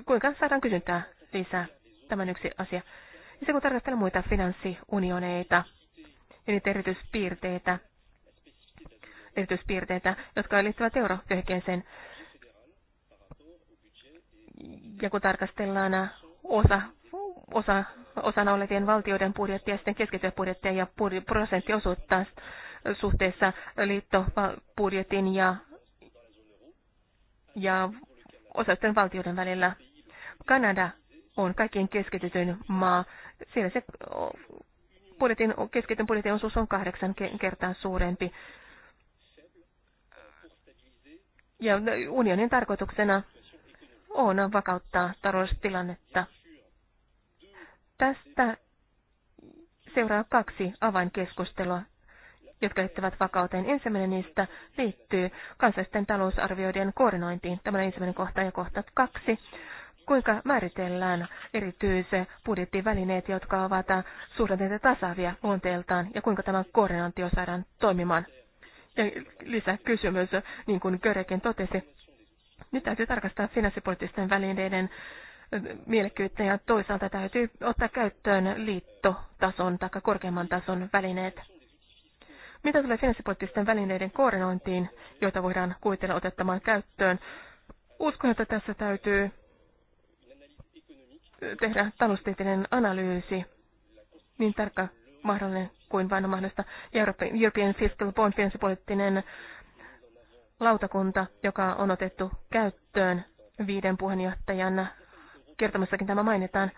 Speaker 2: kuinka saadaan kysyntää lisää? Tämän yksi asia. Ja se kun tarkastellaan muita finanssiunioneita ja niitä erityispiirteitä, erityispiirteitä, jotka liittyvät eurovyöhykkeeseen. Ja kun tarkastellaan osa, osa, osana olevien valtioiden budjettia sitten keskeisiä budjettia ja prosenttiosuutta suhteessa liittobudjetin ja, ja osaisten valtioiden välillä. Kanada on kaikkien keskitytyn maa. Siellä se budjetin, keskityn budjetin osuus on kahdeksan kertaa suurempi. Ja unionin tarkoituksena on vakauttaa taloustilannetta. Tästä seuraa kaksi avainkeskustelua, jotka liittyvät vakauteen. Ensimmäinen niistä liittyy kansallisten talousarvioiden koordinointiin. Tämä on ensimmäinen kohta ja kohta kaksi. Kuinka määritellään erityiset budjettivälineet, jotka ovat suhdanteita tasavia luonteeltaan, ja kuinka tämä koordinaatio saadaan toimimaan? Ja lisäkysymys, niin kuin Körekin totesi, nyt täytyy tarkastaa finanssipoliittisten välineiden mielekkyyttä ja toisaalta täytyy ottaa käyttöön liittotason tai korkeamman tason välineet. Mitä tulee finanssipoliittisten välineiden koordinointiin, joita voidaan kuvitella otettamaan käyttöön, uskon, että tässä täytyy tehdä taloustieteellinen analyysi niin tarkka mahdollinen kuin vain mahdollista. European Fiscal Bond finanssipoliittinen lautakunta, joka on otettu käyttöön viiden puheenjohtajan kertomassakin tämä mainitaan.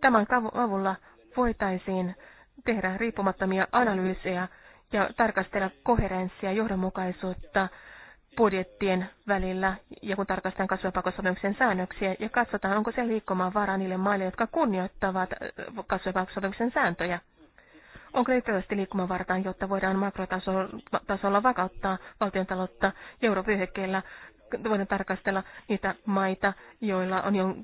Speaker 2: Tämän avulla voitaisiin tehdä riippumattomia analyysejä ja tarkastella koherenssia ja johdonmukaisuutta budjettien välillä ja kun tarkastetaan kasvupakosopimuksen säännöksiä ja katsotaan, onko se liikkumaan varaa niille maille, jotka kunnioittavat äh, kasvupakosopimuksen sääntöjä. Onko riittävästi liikkumavartaan, jotta voidaan makrotasolla vakauttaa valtiontaloutta eurovyöhykkeellä voidaan tarkastella niitä maita, joilla on jo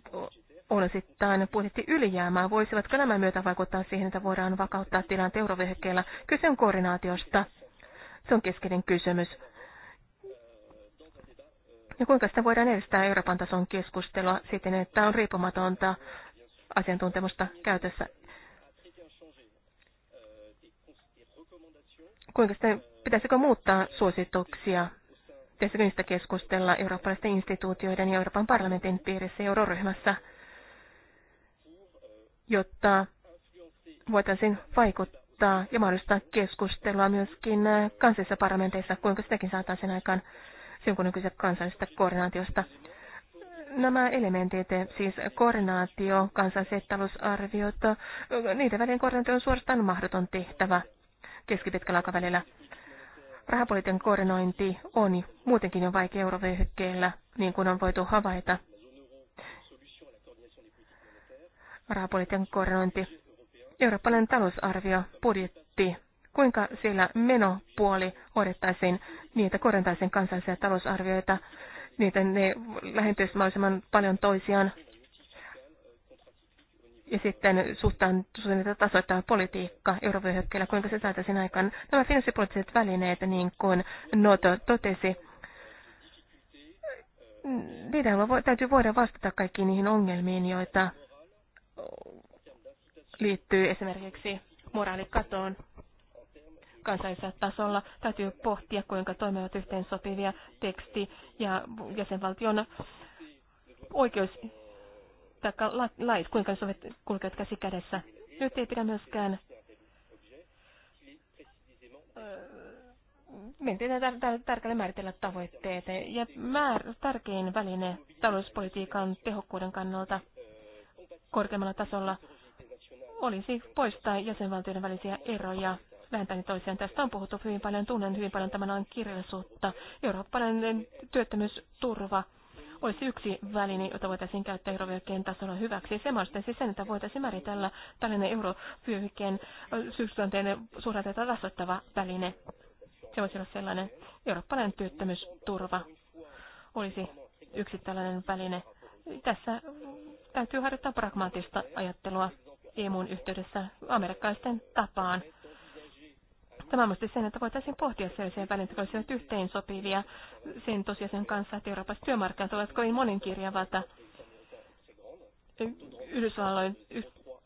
Speaker 2: olesittain budjetti ylijäämää. Voisivatko nämä myötä vaikuttaa siihen, että voidaan vakauttaa tilanteen eurovyöhykkeellä? Kyse on koordinaatiosta. Se on keskeinen kysymys. Ja kuinka sitä voidaan edistää Euroopan tason keskustelua siten, että on riippumatonta asiantuntemusta käytössä? Kuinka sitten, pitäisikö muuttaa suosituksia Pitäisikö keskustella eurooppalaisten instituutioiden ja Euroopan parlamentin piirissä euroryhmässä, jotta voitaisiin vaikuttaa ja mahdollistaa keskustelua myöskin kansallisissa parlamenteissa, kuinka sitäkin saataisiin aikaan silloin, kun on kyse kansallisesta koordinaatiosta. Nämä elementit, siis koordinaatio, kansalliset talousarviot, niiden välinen koordinaatio on suorastaan mahdoton tehtävä keskipitkällä aikavälillä. Rahapolitiikan koordinointi on muutenkin jo vaikea eurovyöhykkeellä, niin kuin on voitu havaita. Rahapolitiikan koordinointi, eurooppalainen talousarvio, budjetti, kuinka siellä menopuoli hoidettaisiin niitä että korjantaisiin kansallisia talousarvioita, niitä ne lähentyisivät mahdollisimman paljon toisiaan ja sitten suhtaan tasoittava politiikka eurovyöhykkeellä, kuinka se saataisiin aikaan. Nämä finanssipoliittiset välineet, niin kuin Noto totesi, niitä täytyy voida vastata kaikkiin niihin ongelmiin, joita liittyy esimerkiksi moraalikatoon kansallisella tasolla. Täytyy pohtia, kuinka toimivat yhteensopivia teksti- ja jäsenvaltion oikeus tai lait, kuinka ne sovet, kulkevat käsi kädessä. Nyt ei pidä myöskään meidän pitää määritellä tavoitteet. Ja määr- tärkein väline talouspolitiikan tehokkuuden kannalta korkeammalla tasolla olisi poistaa jäsenvaltioiden välisiä eroja, vähentää ne toisiaan. Tästä on puhuttu hyvin paljon, tunnen hyvin paljon tämän alan kirjallisuutta. Eurooppalainen työttömyysturva olisi yksi väline, jota voitaisiin käyttää eurovyöhykkeen tasolla hyväksi. Se mahdollistaisi siis sen, että voitaisiin määritellä tällainen eurovyöhykkeen syysluonteinen suhdanteita tasoittava väline. Se voisi olla sellainen eurooppalainen työttömyysturva olisi yksi tällainen väline. Tässä täytyy harjoittaa pragmaattista ajattelua EMUn yhteydessä amerikkalaisten tapaan. Tämä on sen, että voitaisiin pohtia sellaisia välineitä, jotka olisivat yhteen sopivia sen tosiasian kanssa, että Euroopassa työmarkkinat ovat kovin monenkirjavat. Yhdysvalloin,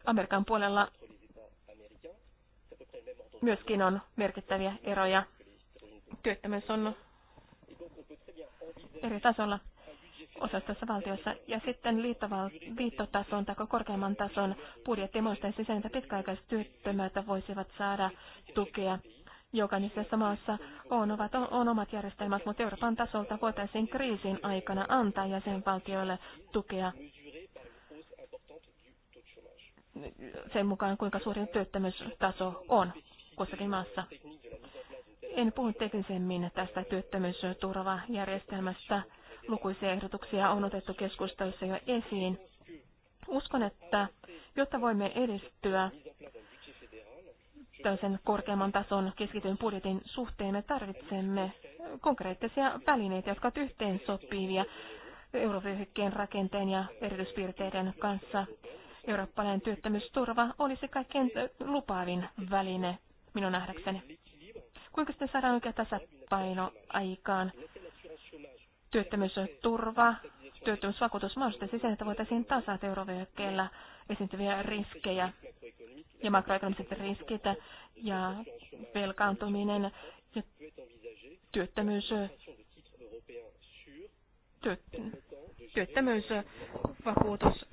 Speaker 2: Amerikan puolella myöskin on merkittäviä eroja. Työttömyys on eri tasolla osastossa valtiossa. Ja sitten liittoval- liittotason tai korkeamman tason budjettimuisten sisään, että pitkäaikaiset työttömät voisivat saada tukea. Jokaisessa maassa on, ovat, on, on omat järjestelmät, mutta Euroopan tasolta voitaisiin kriisin aikana antaa jäsenvaltioille tukea sen mukaan, kuinka suuri työttömyystaso on kussakin maassa. En puhu teknisemmin tästä työttömyysturvajärjestelmästä Lukuisia ehdotuksia on otettu keskustelussa jo esiin. Uskon, että jotta voimme edistyä tällaisen korkeamman tason keskityn budjetin suhteen, me tarvitsemme konkreettisia välineitä, jotka ovat yhteen sopivia eurovyöhykkeen rakenteen ja erityispiirteiden kanssa. Eurooppalainen työttömyysturva olisi kaikkein lupaavin väline minun nähdäkseni. Kuinka sitten saadaan oikea tasapaino aikaan työttömyysturva, työttömyysvakuutus mahdollistaisi sen, että voitaisiin tasata eurovyöhykkeellä esiintyviä riskejä ja makroekonomiset riskit ja velkaantuminen ja työttömyys, työttömyysvakuutus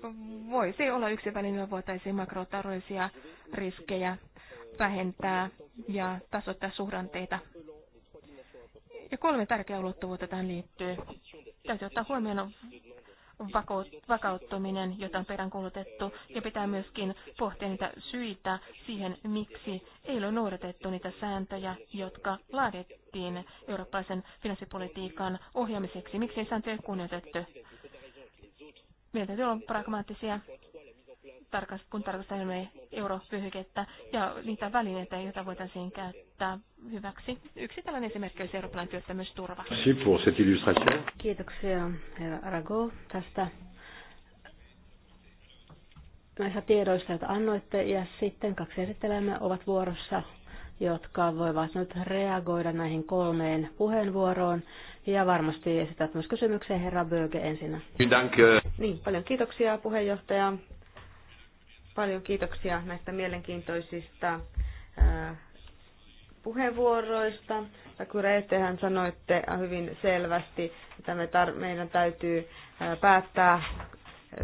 Speaker 2: voisi olla yksi väline, voitaisiin makrotaloudellisia riskejä vähentää ja tasoittaa suhdanteita ja kolme tärkeää ulottuvuutta tähän liittyy. Täytyy ottaa huomioon vakauttaminen, jota on peräänkuulutettu, ja pitää myöskin pohtia niitä syitä siihen, miksi ei ole noudatettu niitä sääntöjä, jotka laadittiin eurooppalaisen finanssipolitiikan ohjaamiseksi. Miksi ei sääntöjä kunnioitettu? Meidän täytyy olla pragmaattisia kun tarkastelemme europyhykettä ja niitä välineitä, joita voitaisiin käyttää hyväksi. Yksi tällainen esimerkki olisi eurooppalainen työttömyysturva. Kiitoksia, herra Arago, tästä
Speaker 3: näistä tiedoista, joita annoitte. Ja sitten kaksi esittelemme ovat vuorossa, jotka voivat nyt reagoida näihin kolmeen puheenvuoroon. Ja varmasti esität myös
Speaker 4: kysymyksiä, herra Böge ensinnä. Niin, paljon kiitoksia puheenjohtaja. Paljon kiitoksia näistä mielenkiintoisista puheenvuoroista. Takureettehän sanoitte hyvin selvästi, että me tar- meidän täytyy päättää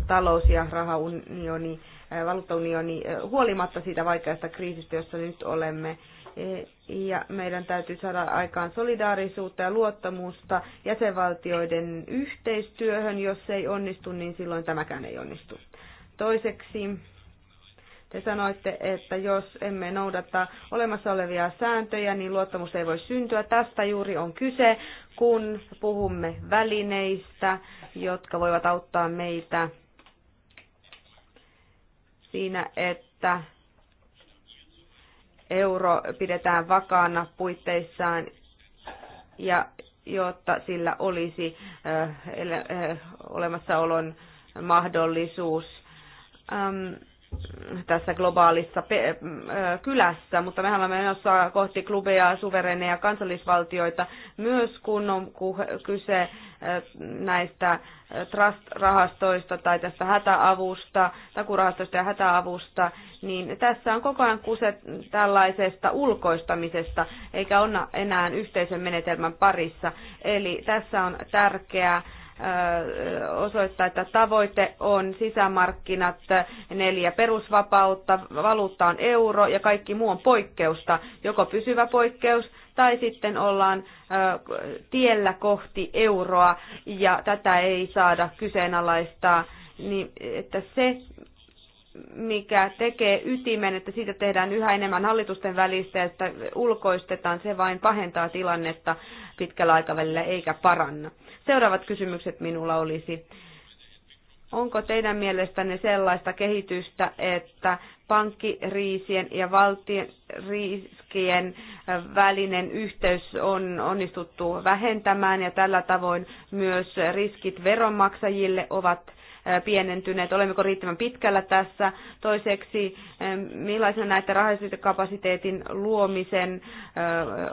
Speaker 4: talous- ja rahaunioni, valuuttaunioni huolimatta siitä vaikeasta kriisistä, jossa nyt olemme. E, ja meidän täytyy saada aikaan solidaarisuutta ja luottamusta jäsenvaltioiden yhteistyöhön. Jos se ei onnistu, niin silloin tämäkään ei onnistu. Toiseksi te sanoitte, että jos emme noudata olemassa olevia sääntöjä, niin luottamus ei voi syntyä. Tästä juuri on kyse, kun puhumme välineistä, jotka voivat auttaa meitä siinä, että euro pidetään vakaana puitteissaan ja jotta sillä olisi äh, äh, olemassaolon mahdollisuus tässä globaalissa kylässä, mutta mehän olemme menossa kohti klubeja, suvereneja kansallisvaltioita, myös kun on kyse näistä trust-rahastoista tai tästä hätäavusta, takurahastoista ja hätäavusta, niin tässä on koko ajan kuse tällaisesta ulkoistamisesta, eikä ole enää yhteisen menetelmän parissa. Eli tässä on tärkeää osoittaa, että tavoite on sisämarkkinat, neljä perusvapautta, valuutta on euro ja kaikki muu on poikkeusta, joko pysyvä poikkeus tai sitten ollaan tiellä kohti euroa ja tätä ei saada kyseenalaistaa, niin että se mikä tekee ytimen, että siitä tehdään yhä enemmän hallitusten välistä, että ulkoistetaan, se vain pahentaa tilannetta pitkällä aikavälillä eikä paranna. Seuraavat kysymykset minulla olisi. Onko teidän mielestänne sellaista kehitystä, että pankkiriisien ja valtion riskien välinen yhteys on onnistuttu vähentämään ja tällä tavoin myös riskit veronmaksajille ovat pienentyneet, olemmeko riittävän pitkällä tässä. Toiseksi, millaisena näitä rahoituskapasiteetin luomisen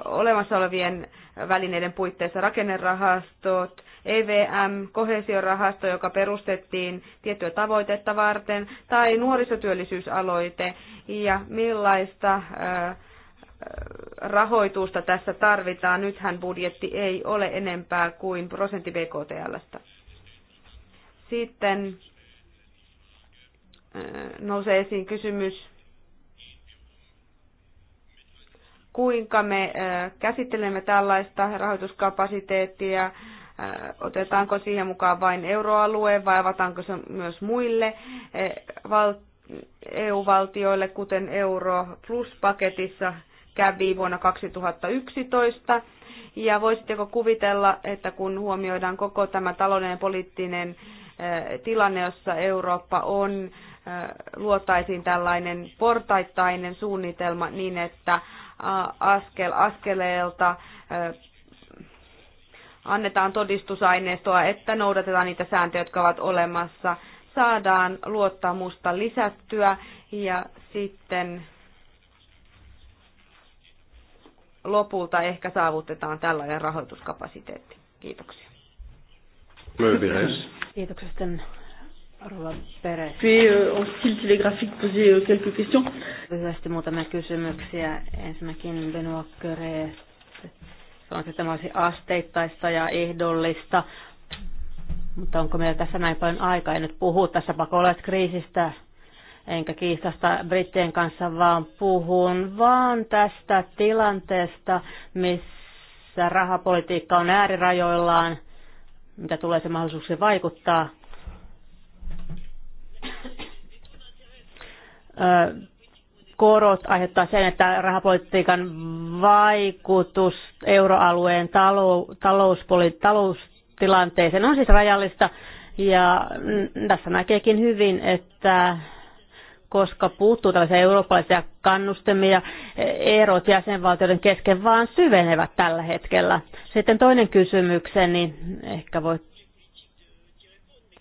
Speaker 4: olemassa olevien välineiden puitteissa rakennerahastot, EVM, kohesiorahasto, joka perustettiin tiettyä tavoitetta varten, tai nuorisotyöllisyysaloite, ja millaista rahoitusta tässä tarvitaan. Nythän budjetti ei ole enempää kuin prosentti BKTL. Sitten äh, nousee esiin kysymys, kuinka me äh, käsittelemme tällaista rahoituskapasiteettia, äh, otetaanko siihen mukaan vain euroalue vai avataanko se myös muille EU-valtioille, kuten Euro Plus-paketissa kävi vuonna 2011. Ja voisitteko kuvitella, että kun huomioidaan koko tämä talouden ja poliittinen tilanne, jossa Eurooppa on, luotaisiin tällainen portaittainen suunnitelma niin, että askel askeleelta annetaan todistusaineistoa, että noudatetaan niitä sääntöjä, jotka ovat olemassa, saadaan luottamusta lisättyä ja sitten lopulta ehkä saavutetaan tällainen rahoituskapasiteetti. Kiitoksia.
Speaker 3: Löyviläis. Kiitoksia sitten Rova Puis euh, en style télégraphique poser euh, quelques questions. Lyhyesti muutamia kysymyksiä. Ensinnäkin Benoit Köre sanoit, että tämä olisi asteittaista ja ehdollista, mutta onko meillä tässä näin paljon aikaa? En nyt puhu tässä pakolaiskriisistä, enkä kiistasta brittien kanssa, vaan puhun vaan tästä tilanteesta, missä rahapolitiikka on äärirajoillaan – mitä tulee se se vaikuttaa. Korot aiheuttaa sen, että rahapolitiikan vaikutus euroalueen talou- taloustilanteeseen on siis rajallista. Ja tässä näkeekin hyvin, että koska puuttuu tällaisia eurooppalaisia kannustimia, erot jäsenvaltioiden kesken vaan syvenevät tällä hetkellä. Sitten toinen kysymykseni, niin ehkä voit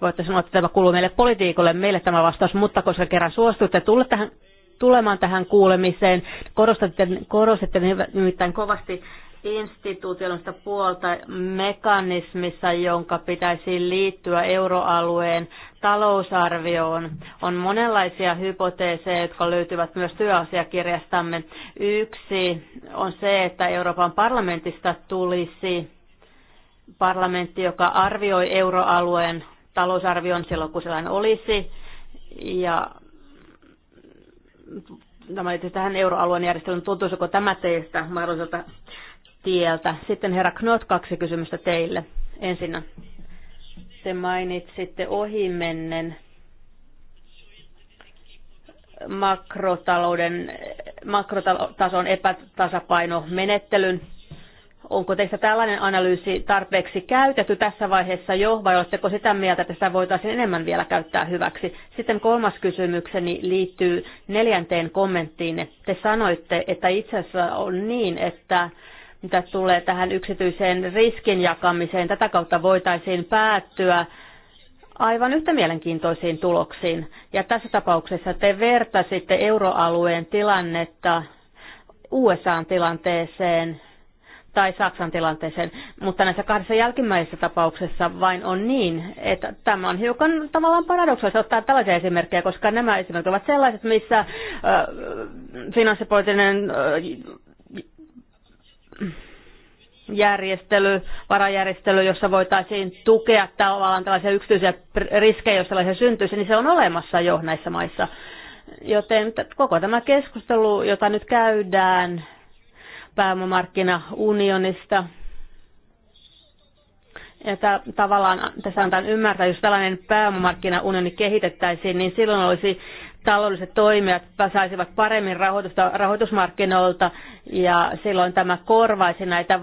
Speaker 3: voitte sanoa, että tämä kuuluu meille politiikolle, meille tämä vastaus, mutta koska kerran suostutte tulla tähän tulemaan tähän kuulemiseen. Korostatte, korostatte nimittäin kovasti instituutiollista puolta mekanismissa, jonka pitäisi liittyä euroalueen talousarvioon. On monenlaisia hypoteeseja, jotka löytyvät myös työasiakirjastamme. Yksi on se, että Euroopan parlamentista tulisi parlamentti, joka arvioi euroalueen talousarvion silloin, kun sellainen olisi. Ja tämä liittyy tähän euroalueen järjestelyn Tuntuisiko tämä teistä mahdolliselta tieltä. Sitten herra Knot, kaksi kysymystä teille. Ensinnä te mainitsitte ohimennen makrotalouden, makrotason epätasapainomenettelyn. Onko teistä tällainen analyysi tarpeeksi käytetty tässä vaiheessa jo, vai oletteko sitä mieltä, että sitä voitaisiin enemmän vielä käyttää hyväksi? Sitten kolmas kysymykseni liittyy neljänteen kommenttiin. Te sanoitte, että itse asiassa on niin, että mitä tulee tähän yksityiseen riskin jakamiseen. Tätä kautta voitaisiin päättyä aivan yhtä mielenkiintoisiin tuloksiin. Ja tässä tapauksessa te vertasitte euroalueen tilannetta USAn tilanteeseen tai Saksan tilanteeseen, mutta näissä kahdessa jälkimmäisessä tapauksessa vain on niin, että tämä on hiukan tavallaan paradoksaalista ottaa tällaisia esimerkkejä, koska nämä esimerkit ovat sellaiset, missä äh, finanssipoliittinen äh, järjestely, varajärjestely, jossa voitaisiin tukea tavallaan tällaisia yksityisiä riskejä, jos tällaisia syntyisi, niin se on olemassa jo näissä maissa. Joten koko tämä keskustelu, jota nyt käydään pääomamarkkinaunionista, ja tämä, tavallaan tässä antaa ymmärtää, jos tällainen pääomamarkkinaunioni kehitettäisiin, niin silloin olisi taloudelliset toimijat saisivat paremmin rahoitusta rahoitusmarkkinoilta ja silloin tämä korvaisi näitä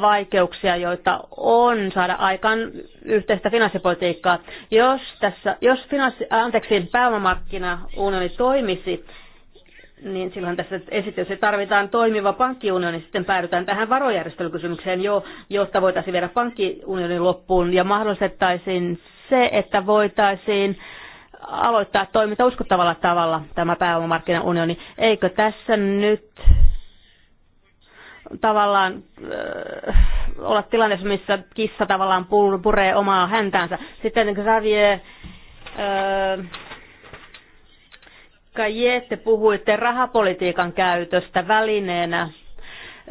Speaker 3: vaikeuksia, joita on saada aikaan yhteistä finanssipolitiikkaa. Jos, tässä, jos finanssi, anteeksi, pääomamarkkinaunioni toimisi, niin silloin tässä esityksessä tarvitaan toimiva pankkiunioni, sitten päädytään tähän varojärjestelykysymykseen jo, jotta voitaisiin viedä pankkiunionin loppuun ja mahdollistettaisiin se, että voitaisiin aloittaa toiminta uskottavalla tavalla tämä pääomamarkkinaunioni. Eikö tässä nyt tavallaan äh, olla tilanteessa, missä kissa tavallaan puree omaa häntäänsä. Sitten Xavier äh, Kaje, te puhuitte rahapolitiikan käytöstä välineenä äh,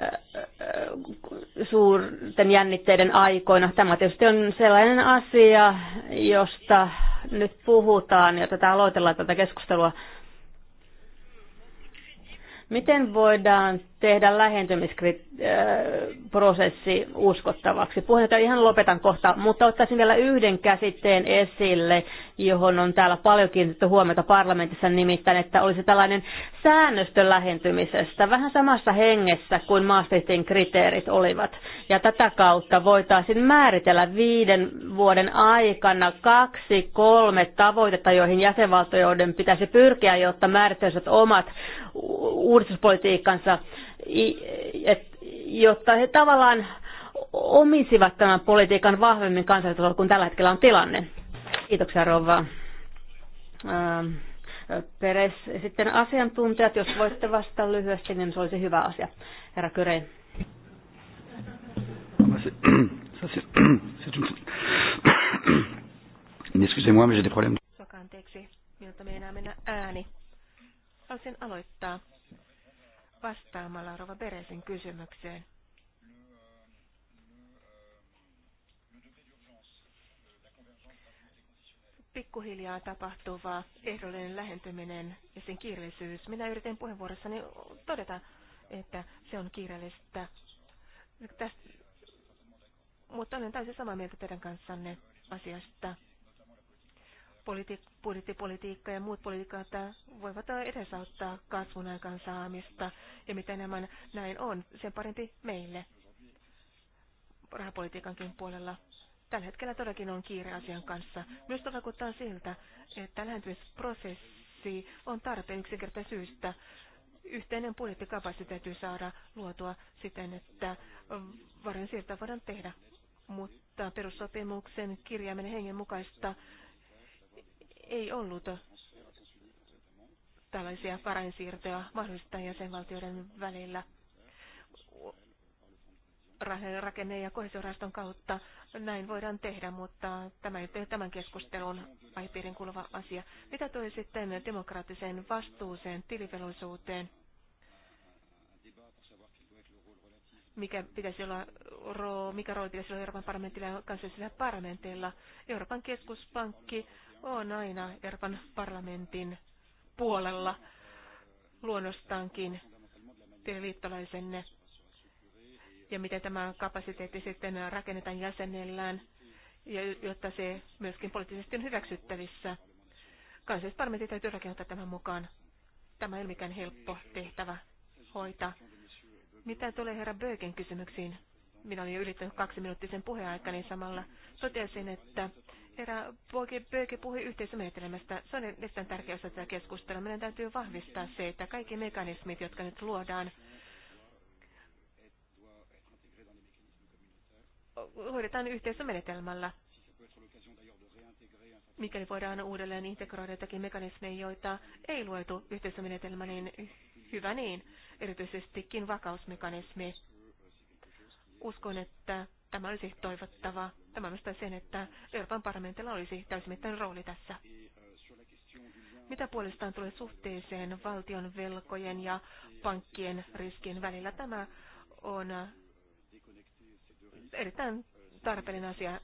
Speaker 3: äh, suurten jännitteiden aikoina. Tämä tietysti on sellainen asia, josta nyt puhutaan ja tätä aloitellaan tätä keskustelua. Miten voidaan tehdä lähentymisprosessi äh, uskottavaksi. Puheenjohtaja, ihan lopetan kohta, mutta ottaisin vielä yhden käsitteen esille, johon on täällä paljon kiinnitetty huomiota parlamentissa nimittäin, että olisi tällainen säännöstön lähentymisestä vähän samassa hengessä kuin Maastrichtin kriteerit olivat. Ja tätä kautta voitaisiin määritellä viiden vuoden aikana kaksi, kolme tavoitetta, joihin jäsenvaltioiden pitäisi pyrkiä, jotta määrittelisivät omat uudistuspolitiikkansa jotta he tavallaan omisivat tämän politiikan vahvemmin kansallisella kuin tällä hetkellä on tilanne. Kiitoksia Rova. Ähm, Peres, sitten asiantuntijat, jos voitte vastata lyhyesti, niin se olisi hyvä asia. Herra Kyre.
Speaker 1: Excusez-moi, mais j'ai des problèmes.
Speaker 2: Anteeksi, minulta meinaa mennä ääni. Haluaisin aloittaa vastaamalla Rova Beresin kysymykseen. pikkuhiljaa tapahtuva ehdollinen lähentyminen ja sen kiireellisyys. Minä yritin puheenvuorossani todeta, että se on kiireellistä. Tästä, mutta olen täysin samaa mieltä teidän kanssanne asiasta politi- budjettipolitiikka ja muut politiikat voivat edesauttaa kasvun aikaansaamista. Ja mitä enemmän näin on, sen parempi meille rahapolitiikankin puolella. Tällä hetkellä todellakin on kiire asian kanssa. Myös vaikuttaa siltä, että lähentymisprosessi on tarpeen yksinkertaisesta syystä. Yhteinen budjettikapasiteetti täytyy saada luotua siten, että varojen siirtoa voidaan tehdä mutta perussopimuksen kirjaaminen hengen mukaista ei ollut tällaisia varainsiirtoja mahdollista jäsenvaltioiden välillä rakenne- ja kohesioraston kautta näin voidaan tehdä, mutta tämä ei ole tämän keskustelun aihepiirin kuuluva asia. Mitä toi sitten demokraattiseen vastuuseen, tilivelvollisuuteen? Mikä, pitäisi olla, mikä rooli pitäisi olla Euroopan parlamentilla ja kansallisilla parlamentilla? Euroopan keskuspankki on aina Euroopan parlamentin puolella luonnostaankin teidän liittolaisenne ja miten tämä kapasiteetti sitten rakennetaan jäsenellään, ja jotta se myöskin poliittisesti on hyväksyttävissä. Kansallisparlamentti täytyy rakentaa tämän mukaan. Tämä ei ole mikään helppo tehtävä hoitaa. Mitä tulee herra Böken kysymyksiin? Minä olin jo ylittänyt kaksi minuuttisen puheaikani samalla. Totesin, että Herra Böke puhui yhteisömenetelmästä. Se on erittäin tärkeä osa tätä keskustelua. Meidän täytyy vahvistaa se, että kaikki mekanismit, jotka nyt luodaan, hoidetaan yhteisömenetelmällä. Mikäli voidaan uudelleen integroida jotakin mekanismeja, joita ei luetu yhteisömenetelmä, niin hyvä niin. Erityisestikin vakausmekanismi. Uskon, että tämä olisi toivottava Tämä myös sen, että Euroopan parlamentilla olisi täysimittainen rooli tässä. Mitä puolestaan tulee suhteeseen valtion velkojen ja pankkien riskien välillä? Tämä on erittäin tarpeellinen asia.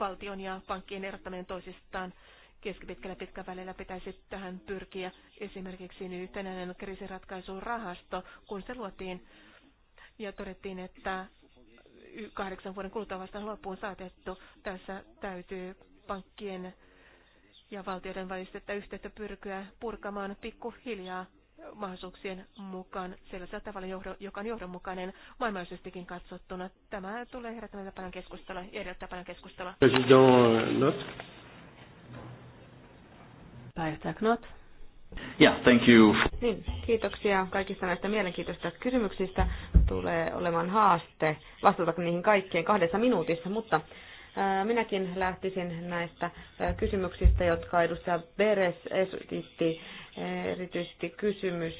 Speaker 2: Valtion ja pankkien erottaminen toisistaan keskipitkällä pitkävälillä välillä pitäisi tähän pyrkiä. Esimerkiksi yhtenäinen kriisiratkaisurahasto, kun se luotiin ja todettiin, että kahdeksan vuoden kuluttua vasta loppuun saatettu. Tässä täytyy pankkien ja valtioiden välistä yhteyttä pyrkyä purkamaan pikkuhiljaa mahdollisuuksien mukaan sellaisella tavalla, joka on johdonmukainen maailmallisestikin katsottuna. Tämä tulee herättämään paljon keskustelua ja edellyttää paljon keskustelua.
Speaker 4: Knot.
Speaker 1: Yeah, thank you.
Speaker 4: Niin, kiitoksia kaikista näistä mielenkiintoisista kysymyksistä tulee olemaan haaste vastata niihin kaikkien kahdessa minuutissa, mutta minäkin lähtisin näistä kysymyksistä, jotka edustaja Beres esitti, erityisesti kysymys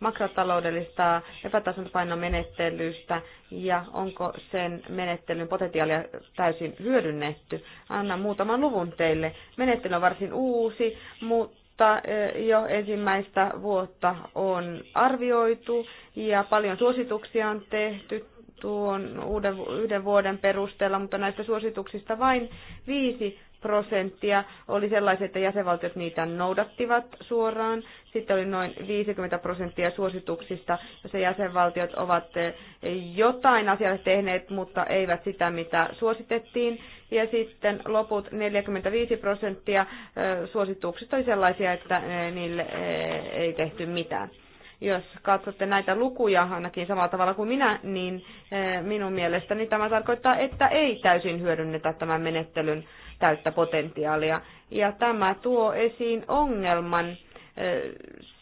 Speaker 4: makrotaloudellista epätasapainomenettelystä ja onko sen menettelyn potentiaalia täysin hyödynnetty. Anna muutaman luvun teille. Menettely on varsin uusi, mutta mutta jo ensimmäistä vuotta on arvioitu ja paljon suosituksia on tehty tuon uuden, yhden vuoden perusteella, mutta näistä suosituksista vain viisi prosenttia oli sellaisia, että jäsenvaltiot niitä noudattivat suoraan. Sitten oli noin 50 prosenttia suosituksista, joissa jäsenvaltiot ovat eh, jotain asialle tehneet, mutta eivät sitä, mitä suositettiin. Ja sitten loput 45 prosenttia eh, suosituksista oli sellaisia, että eh, niille ei tehty mitään jos katsotte näitä lukuja ainakin samalla tavalla kuin minä, niin minun mielestäni tämä tarkoittaa, että ei täysin hyödynnetä tämän menettelyn täyttä potentiaalia. Ja tämä tuo esiin ongelman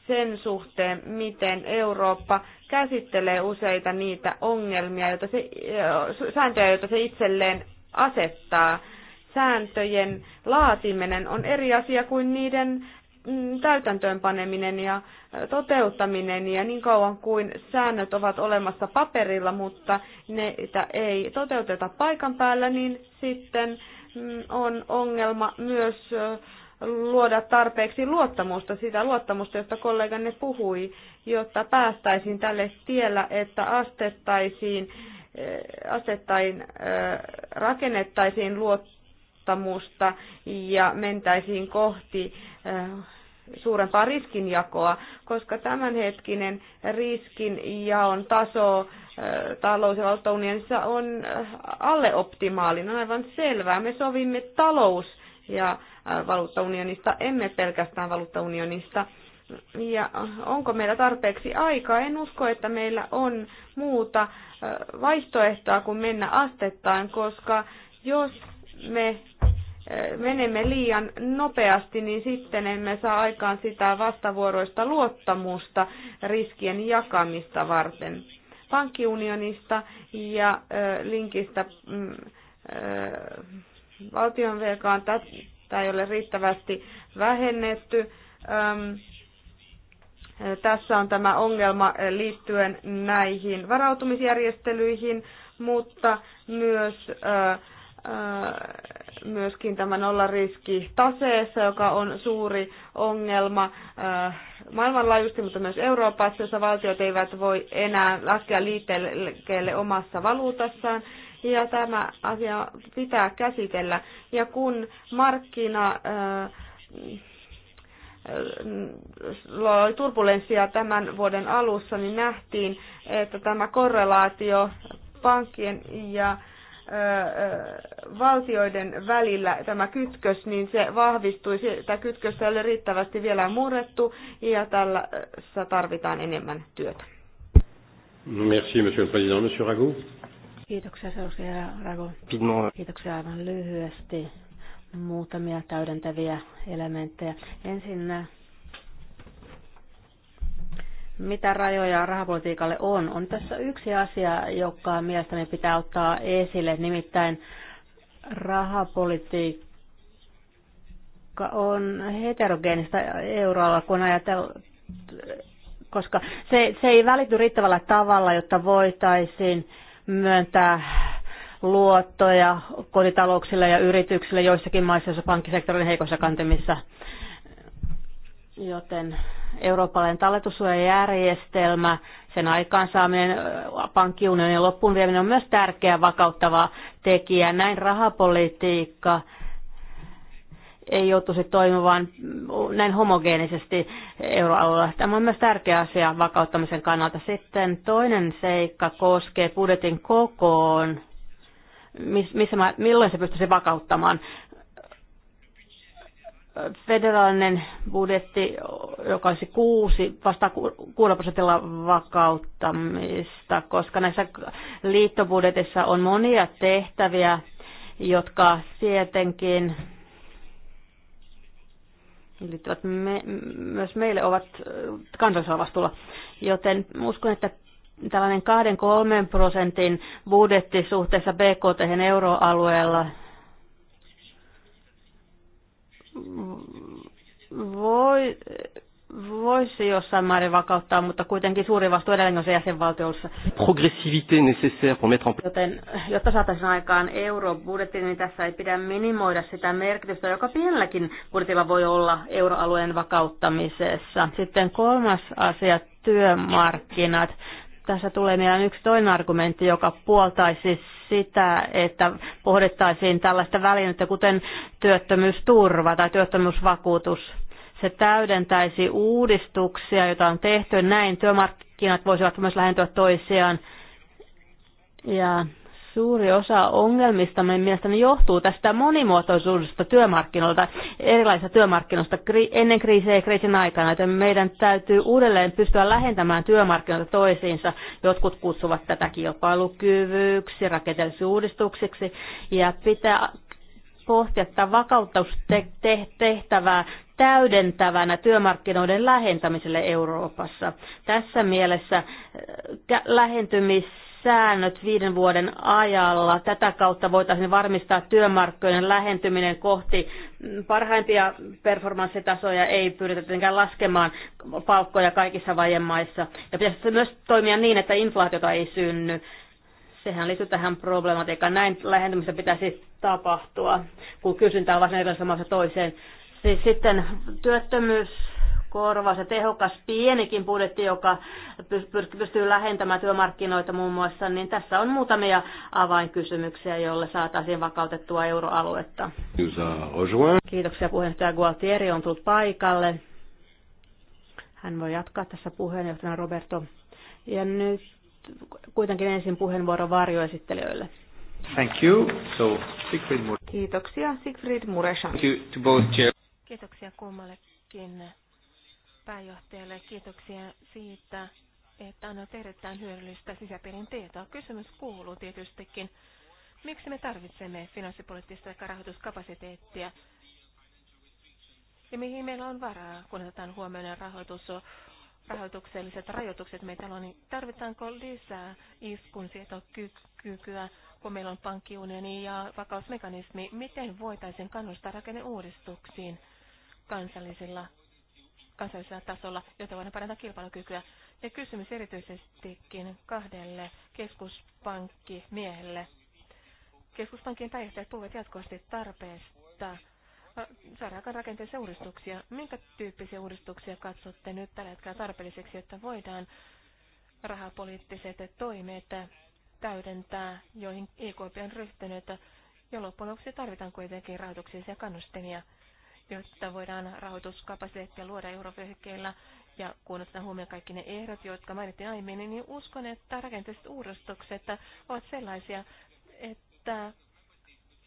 Speaker 4: sen suhteen, miten Eurooppa käsittelee useita niitä ongelmia, joita se, sääntöjä, joita se itselleen asettaa. Sääntöjen laatiminen on eri asia kuin niiden mm, täytäntöönpaneminen ja toteuttaminen ja niin kauan kuin säännöt ovat olemassa paperilla, mutta ne ei toteuteta paikan päällä, niin sitten on ongelma myös luoda tarpeeksi luottamusta, sitä luottamusta, josta kolleganne puhui, jotta päästäisiin tälle tiellä, että astettaisiin, asettain rakennettaisiin luottamusta ja mentäisiin kohti suurempaa riskinjakoa, koska tämänhetkinen riskinjaon taso talous- ja valtaunionissa on alle optimaalinen, on aivan selvää. Me sovimme talous- ja valuuttaunionista, emme pelkästään valuuttaunionista. Ja onko meillä tarpeeksi aikaa? En usko, että meillä on muuta vaihtoehtoa kuin mennä astettaan, koska jos me menemme liian nopeasti, niin sitten emme saa aikaan sitä vastavuoroista luottamusta riskien jakamista varten. Pankkiunionista ja linkistä mm, valtionvelkaan tätä ei ole riittävästi vähennetty. Tässä on tämä ongelma liittyen näihin varautumisjärjestelyihin, mutta myös myöskin tämä nollariski taseessa, joka on suuri ongelma äh, maailmanlaajuisesti, mutta myös Euroopassa, jossa valtiot eivät voi enää laskea liikkeelle omassa valuutassaan. Ja tämä asia pitää käsitellä. Ja kun markkina äh, äh, oli turbulenssia tämän vuoden alussa, niin nähtiin, että tämä korrelaatio pankkien ja ö, ö, valtioiden välillä tämä kytkös, niin se vahvistui. Tämä kytkös ei ole riittävästi vielä murrettu ja tällä tarvitaan enemmän työtä.
Speaker 1: Merci, monsieur le président. Monsieur Rago.
Speaker 4: Kiitoksia, Seusia Rago. Kiitoksia aivan lyhyesti.
Speaker 3: Muutamia täydentäviä elementtejä. Ensinnä mitä rajoja rahapolitiikalle on, on tässä yksi asia, joka mielestäni pitää ottaa esille, nimittäin rahapolitiikka on heterogeenista euroalla, kun ajatellaan, koska se, se ei välity riittävällä tavalla, jotta voitaisiin myöntää luottoja kotitalouksille ja yrityksille joissakin maissa, joissa pankkisektorin heikossa kantimissa. Joten eurooppalainen talletussuojajärjestelmä, sen aikaansaaminen, pankkiunionin loppuun vieminen on myös tärkeä vakauttava tekijä. Näin rahapolitiikka ei joutuisi toimimaan näin homogeenisesti euroalueella. Tämä on myös tärkeä asia vakauttamisen kannalta. Sitten toinen seikka koskee budjetin kokoon missä mä, milloin se pystyisi vakauttamaan federaalinen budjetti, joka olisi kuusi, vastaa 6 prosentilla vakauttamista, koska näissä liittobudjetissa on monia tehtäviä, jotka tietenkin liittyvät me, myös meille ovat kansallisella vastuulla. Joten uskon, että tällainen 2-3 prosentin budjetti suhteessa BKT euroalueella voi, voisi jossain määrin vakauttaa, mutta kuitenkin suuri vastuu edelleen on se jäsenvaltioissa.
Speaker 1: Progressivité nécessaire pour mettre en place. Joten
Speaker 3: jotta saataisiin aikaan eurobudjetti, niin tässä ei pidä minimoida sitä merkitystä, joka pienelläkin budjetilla voi olla euroalueen vakauttamisessa. Sitten kolmas asia, työmarkkinat tässä tulee meidän yksi toinen argumentti, joka puoltaisi sitä, että pohdittaisiin tällaista välinettä, kuten työttömyysturva tai työttömyysvakuutus. Se täydentäisi uudistuksia, joita on tehty. Näin työmarkkinat voisivat myös lähentyä toisiaan. Ja Suuri osa ongelmista mielestäni johtuu tästä monimuotoisuudesta työmarkkinoilta, erilaisista työmarkkinoista ennen kriisiä ja kriisin aikana, joten meidän täytyy uudelleen pystyä lähentämään työmarkkinoita toisiinsa. Jotkut kutsuvat tätä kilpailukyvyksi, rakenteellisiksi uudistuksiksi ja pitää pohtia tätä vakautustehtävää täydentävänä työmarkkinoiden lähentämiselle Euroopassa. Tässä mielessä äh, lähentymis säännöt viiden vuoden ajalla. Tätä kautta voitaisiin varmistaa työmarkkinoiden lähentyminen kohti parhaimpia performanssitasoja, ei pyritä tietenkään laskemaan palkkoja kaikissa vajemaissa. Ja pitäisi myös toimia niin, että inflaatiota ei synny. Sehän liittyy tähän problematiikkaan. Näin lähentymistä pitäisi tapahtua, kun kysyntä on varsin samassa toiseen. Siis sitten työttömyys korvaus ja tehokas pienikin budjetti, joka pystyy lähentämään työmarkkinoita muun muassa, niin tässä on muutamia avainkysymyksiä, joilla saataisiin vakautettua euroaluetta. Kiitoksia puheenjohtaja Gualtieri on tullut paikalle. Hän voi jatkaa tässä puheenjohtajana Roberto. Ja nyt kuitenkin ensin puheenvuoro
Speaker 4: varjoesittelijöille.
Speaker 1: Thank you. So, Siegfried Mure.
Speaker 4: Kiitoksia Siegfried Mureshan.
Speaker 2: Kiitoksia kummallekin pääjohtajalle kiitoksia siitä, että annoit erittäin hyödyllistä sisäpiirin tietoa. Kysymys kuuluu tietystikin, miksi me tarvitsemme finanssipoliittista rahoituskapasiteettia ja mihin meillä on varaa, kun otetaan huomioon rahoitus, rahoitukselliset rajoitukset meitä on, niin tarvitaanko lisää sietokykyä, kun meillä on pankkiunioni ja vakausmekanismi, miten voitaisiin kannustaa rakenneuudistuksiin kansallisilla kansallisella tasolla, jotta voidaan parantaa kilpailukykyä. Ja kysymys erityisestikin kahdelle keskuspankkimiehelle. Keskuspankin päihteet puhuvat jatkuvasti tarpeesta saadaanko rakenteellisia uudistuksia. Minkä tyyppisiä uudistuksia katsotte nyt tällä hetkellä tarpeelliseksi, että voidaan rahapoliittiset toimet täydentää, joihin EKP on ryhtynyt, ja loppujen lopuksi tarvitaan kuitenkin ja kannustimia jotta voidaan rahoituskapasiteettia luoda eurovyöhykkeillä. Ja kun otetaan huomioon kaikki ne ehdot, jotka mainittiin aiemmin, niin uskon, että rakenteelliset uudistukset ovat sellaisia, että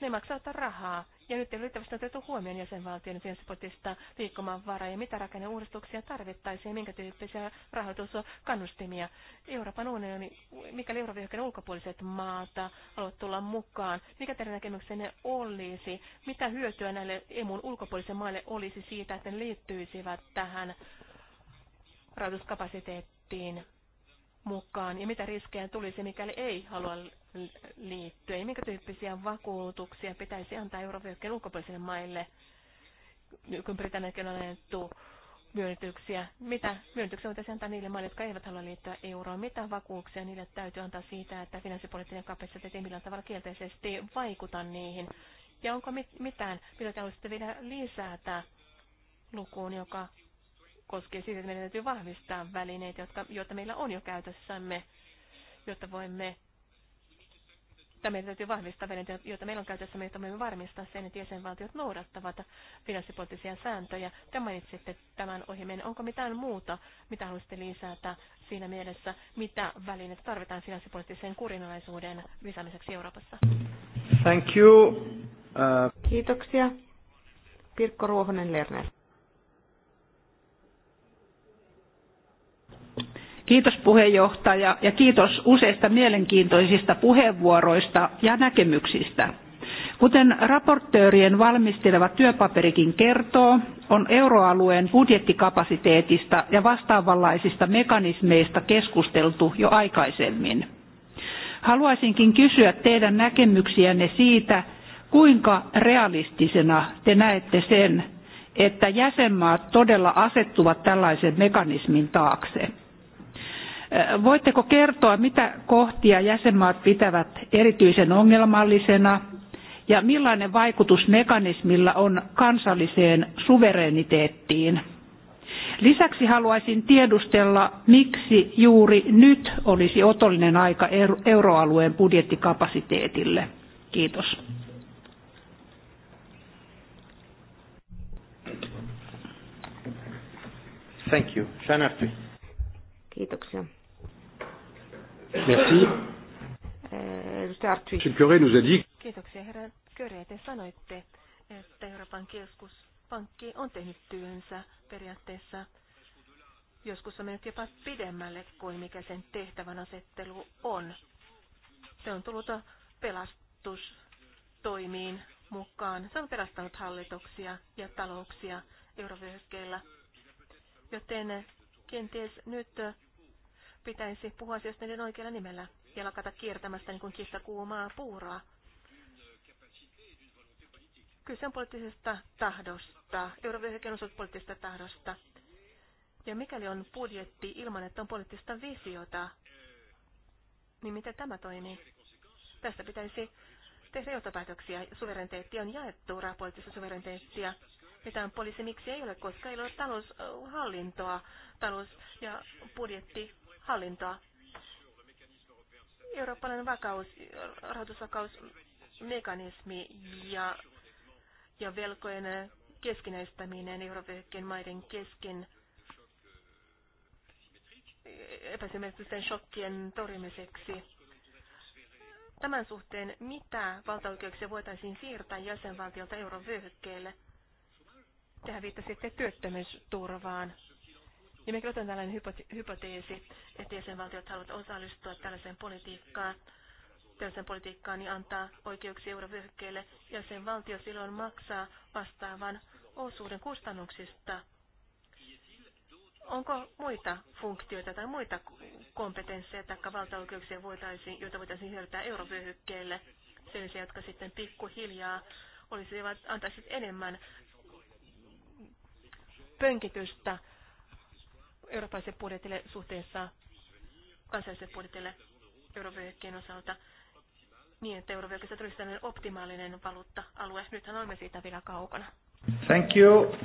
Speaker 2: ne maksavat rahaa ja nyt ei riittävästi otettu huomioon jäsenvaltion finanssipotista liikkumaan varaa ja mitä rakenneuudistuksia tarvittaisiin ja minkä tyyppisiä rahoituskannustimia. Euroopan unioni, mikäli Euroopan ulkopuoliset maata haluat tulla mukaan, mikä teidän näkemyksenne olisi? Mitä hyötyä näille emun ulkopuolisen maille olisi siitä, että ne liittyisivät tähän rahoituskapasiteettiin? mukaan ja mitä riskejä tulisi, mikäli ei halua liittyä ja minkä tyyppisiä vakuutuksia pitäisi antaa eurovyöhykkeen ulkopuolisille maille, kun Britanniakin on annettu myönnytyksiä. Mitä myönnytyksiä voitaisiin antaa niille maille, jotka eivät halua liittyä euroon? Mitä vakuuksia niille täytyy antaa siitä, että finanssipoliittinen kapasiteetti ei millään tavalla kielteisesti vaikuta niihin? Ja onko mit- mitään, mitä te haluaisitte vielä lisätä lukuun, joka koskee sitä, että meidän täytyy vahvistaa välineitä, jotka, joita meillä on jo käytössämme, jotta voimme tai meidän täytyy vahvistaa välineitä, joita meillä on käytössä, jotta voimme varmistaa sen, että jäsenvaltiot noudattavat finanssipoliittisia sääntöjä. Te mainitsitte tämän ohimen. Onko mitään muuta, mitä haluaisitte lisätä siinä mielessä, mitä välineitä tarvitaan finanssipoliittiseen kurinalaisuuden lisäämiseksi Euroopassa?
Speaker 4: Thank you. Uh...
Speaker 2: Kiitoksia.
Speaker 4: Pirkko Ruohonen Lerner.
Speaker 2: Kiitos puheenjohtaja ja kiitos useista mielenkiintoisista puheenvuoroista ja näkemyksistä. Kuten raportöörien valmisteleva työpaperikin kertoo, on euroalueen budjettikapasiteetista ja vastaavanlaisista mekanismeista keskusteltu jo aikaisemmin. Haluaisinkin kysyä teidän näkemyksiänne siitä, kuinka realistisena te näette sen, että jäsenmaat todella asettuvat tällaisen mekanismin taakse. Voitteko kertoa, mitä kohtia jäsenmaat pitävät erityisen ongelmallisena ja millainen vaikutus mekanismilla on kansalliseen suvereniteettiin? Lisäksi haluaisin tiedustella, miksi juuri nyt olisi otollinen aika euroalueen budjettikapasiteetille. Kiitos. Thank
Speaker 1: you. Kiitoksia. Merci. Edustaja Artwi.
Speaker 2: Kiitoksia, herra Köre. Te että Euroopan on tehnyt työnsä periaatteessa. Joskus on mennyt jopa pidemmälle kuin mikä sen tehtävän asettelu on. Se on tullut pelastustoimiin mukaan. Se on pelastanut hallituksia ja talouksia eurovyöhykkeillä. Joten kenties nyt pitäisi puhua asioista niiden oikealla nimellä ja lakata kiertämästä niin kuin kissa kuumaa puuraa. Kyse on poliittisesta tahdosta. Eurovyöhyke on osuus poliittisesta tahdosta. Ja mikäli on budjetti ilman, että on poliittista visiota, niin miten tämä toimii? Tästä pitäisi tehdä johtopäätöksiä. Suverenteetti on jaettu poliittista suverenteettia. on poliisi miksi ei ole, koska ei ole taloushallintoa. Talous ja budjetti hallintoa. Eurooppalainen vakaus, rahoitusvakausmekanismi ja, ja velkojen keskinäistäminen Euroopan maiden kesken epäsymmetristen shokkien torjumiseksi tämän suhteen, mitä valtaoikeuksia voitaisiin siirtää jäsenvaltiolta eurovyöhykkeelle? Tähän viittasitte työttömyysturvaan. Ja me otan tällainen hypoteesi, että jäsenvaltiot haluavat osallistua tällaiseen politiikkaan, tällaiseen politiikkaan, niin antaa oikeuksia eurovyöhykkeelle. Jäsenvaltio silloin maksaa vastaavan osuuden kustannuksista. Onko muita funktioita tai muita kompetensseja tai valtaoikeuksia, voitaisiin, joita voitaisiin hyödyntää eurovyöhykkeelle? Sellaisia, jotka sitten pikkuhiljaa olisivat, antaisivat enemmän pönkitystä eurooppalaiselle budjetille suhteessa kansalliselle budjetille eurovyöhykkeen osalta niin, että eurovyöhykkeessä tulisi tämmöinen optimaalinen valuutta-alue. Nythän olemme siitä vielä kaukana.
Speaker 1: Thank you. Uh...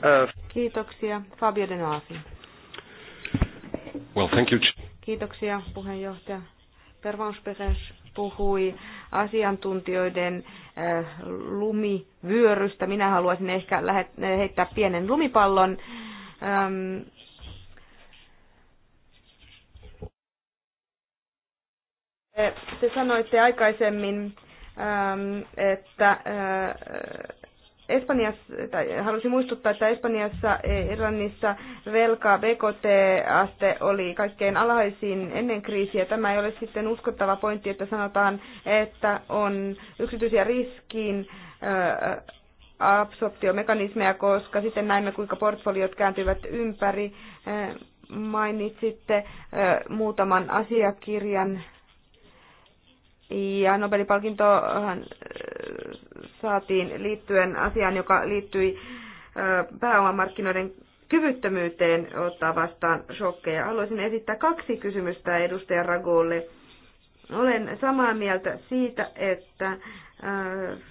Speaker 4: Kiitoksia. Fabio De Noasi. Well, thank you. Kiitoksia puheenjohtaja. Pervans puhui asiantuntijoiden äh, lumivyörystä. Minä haluaisin ehkä heittää pienen lumipallon. Ähm, Te sanoitte aikaisemmin, ähm, että äh, Espanjassa, tai halusin muistuttaa, että Espanjassa e, Irlannissa velka BKT-aste oli kaikkein alhaisin ennen kriisiä. Tämä ei ole sitten uskottava pointti, että sanotaan, että on yksityisiä riskiin äh, absorptiomekanismeja, koska sitten näemme, kuinka portfoliot kääntyvät ympäri. Äh, mainitsitte muutaman asiakirjan ja Nobelin palkintohan äh, saatiin liittyen asiaan, joka liittyi äh, pääomamarkkinoiden kyvyttömyyteen ottaa vastaan shokkeja. Haluaisin esittää kaksi kysymystä edustaja Ragolle. Olen samaa mieltä siitä, että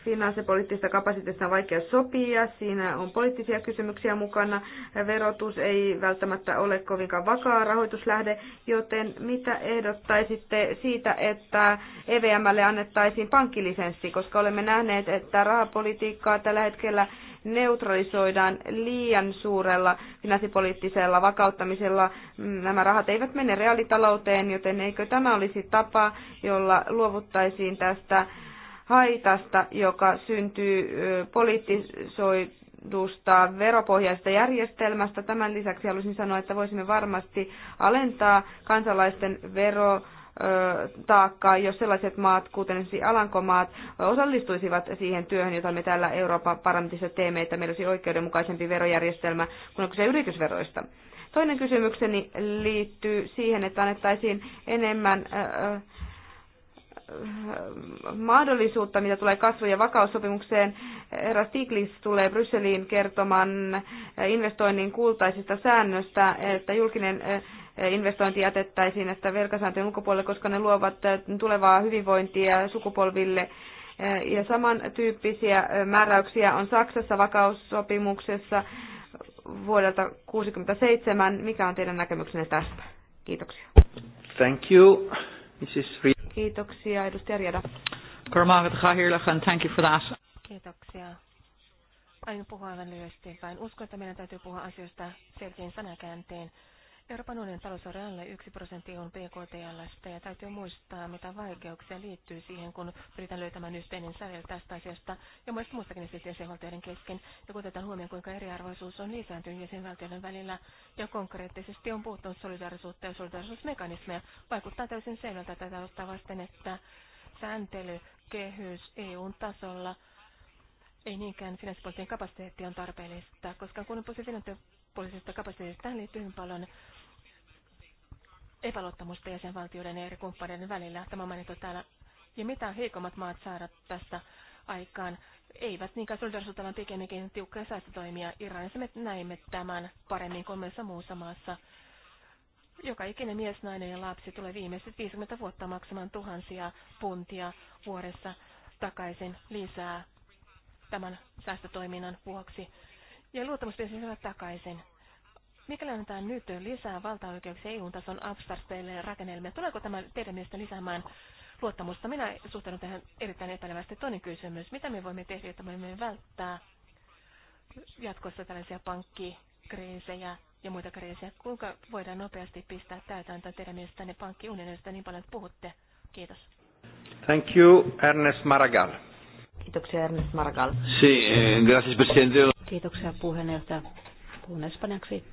Speaker 4: finanssipoliittista kapasiteetista on vaikea sopia, siinä on poliittisia kysymyksiä mukana, verotus ei välttämättä ole kovinkaan vakaa rahoituslähde, joten mitä ehdottaisitte siitä, että EVMlle annettaisiin pankkilisenssi, koska olemme nähneet, että rahapolitiikkaa tällä hetkellä neutralisoidaan liian suurella finanssipoliittisella vakauttamisella. Nämä rahat eivät mene reaalitalouteen, joten eikö tämä olisi tapa, jolla luovuttaisiin tästä haitasta, joka syntyy poliittisoidusta veropohjaista järjestelmästä. Tämän lisäksi haluaisin sanoa, että voisimme varmasti alentaa kansalaisten vero taakkaa, jos sellaiset maat, kuten esimerkiksi Alankomaat, osallistuisivat siihen työhön, jota me täällä Euroopan parlamentissa teemme, että meillä olisi oikeudenmukaisempi verojärjestelmä kuin se yritysveroista. Toinen kysymykseni liittyy siihen, että annettaisiin enemmän Äh, mahdollisuutta, mitä tulee kasvu- ja vakaussopimukseen. Herra Stiglitz tulee Brysseliin kertomaan äh, investoinnin kultaisista säännöstä, että julkinen äh, investointi jätettäisiin näistä velkasääntöjen ulkopuolelle, koska ne luovat tulevaa hyvinvointia sukupolville. Ja samantyyppisiä määräyksiä on Saksassa vakaussopimuksessa vuodelta 1967. Mikä on teidän näkemyksenne
Speaker 1: tästä? Kiitoksia. Thank you, Mrs.
Speaker 2: Kiitoksia, edustaja Rieda.
Speaker 1: Thank you for that.
Speaker 2: Kiitoksia. Aion puhua aivan lyhyesti vain. Uskon, että meidän täytyy puhua asioista selkein sanakäänteen. Euroopan unionin on alle 1 prosentti on PKTLstä ja täytyy muistaa, mitä vaikeuksia liittyy siihen, kun pyritään löytämään yhteinen sävel tästä asiasta ja muista muistakin siis jäsenvaltioiden kesken. Ja kun otetaan huomioon, kuinka eriarvoisuus on lisääntynyt jäsenvaltioiden välillä ja konkreettisesti on puuttunut solidaarisuutta ja solidarisuusmekanismeja, vaikuttaa täysin selvältä tätä ottaa vasten, että sääntelykehys EUn tasolla ei niinkään finanssipolitiikan kapasiteetti on tarpeellista, koska kun on poliisista kapasiteetista, tähän liittyy hyvin paljon epäluottamusta jäsenvaltioiden ja eri kumppaneiden välillä. Tämä mainittu täällä. Ja mitä heikommat maat saada tästä aikaan? Eivät niinkään solidarisuutta, vaan pikemminkin tiukkoja säästötoimia. Iranissa me näimme tämän paremmin kuin myös muussa maassa. Joka ikinen mies, nainen ja lapsi tulee viimeiset 50 vuotta maksamaan tuhansia puntia vuodessa takaisin lisää tämän säästötoiminnan vuoksi. Ja luottamus pitäisi takaisin. Mikäli annetaan nyt lisää valtaoikeuksia EU-tason abstrakteille rakennelmille, tuleeko tämä teidän mielestä lisäämään luottamusta? Minä suhtaudun tähän erittäin epäilevästi. Toinen kysymys, mitä me voimme tehdä, jotta voimme välttää jatkossa tällaisia pankkikriisejä ja muita kriisejä? Kuinka voidaan nopeasti pistää täytäntöön teidän Ne pankkiunionista niin paljon, että puhutte? Kiitos.
Speaker 1: Thank you, Ernest Maragall.
Speaker 4: Kiitoksia, Ernest Maragall. Sí, eh, gracias,
Speaker 1: presidente.
Speaker 3: Kiitoksia, puheenjohtaja. Puhun espanjaksi.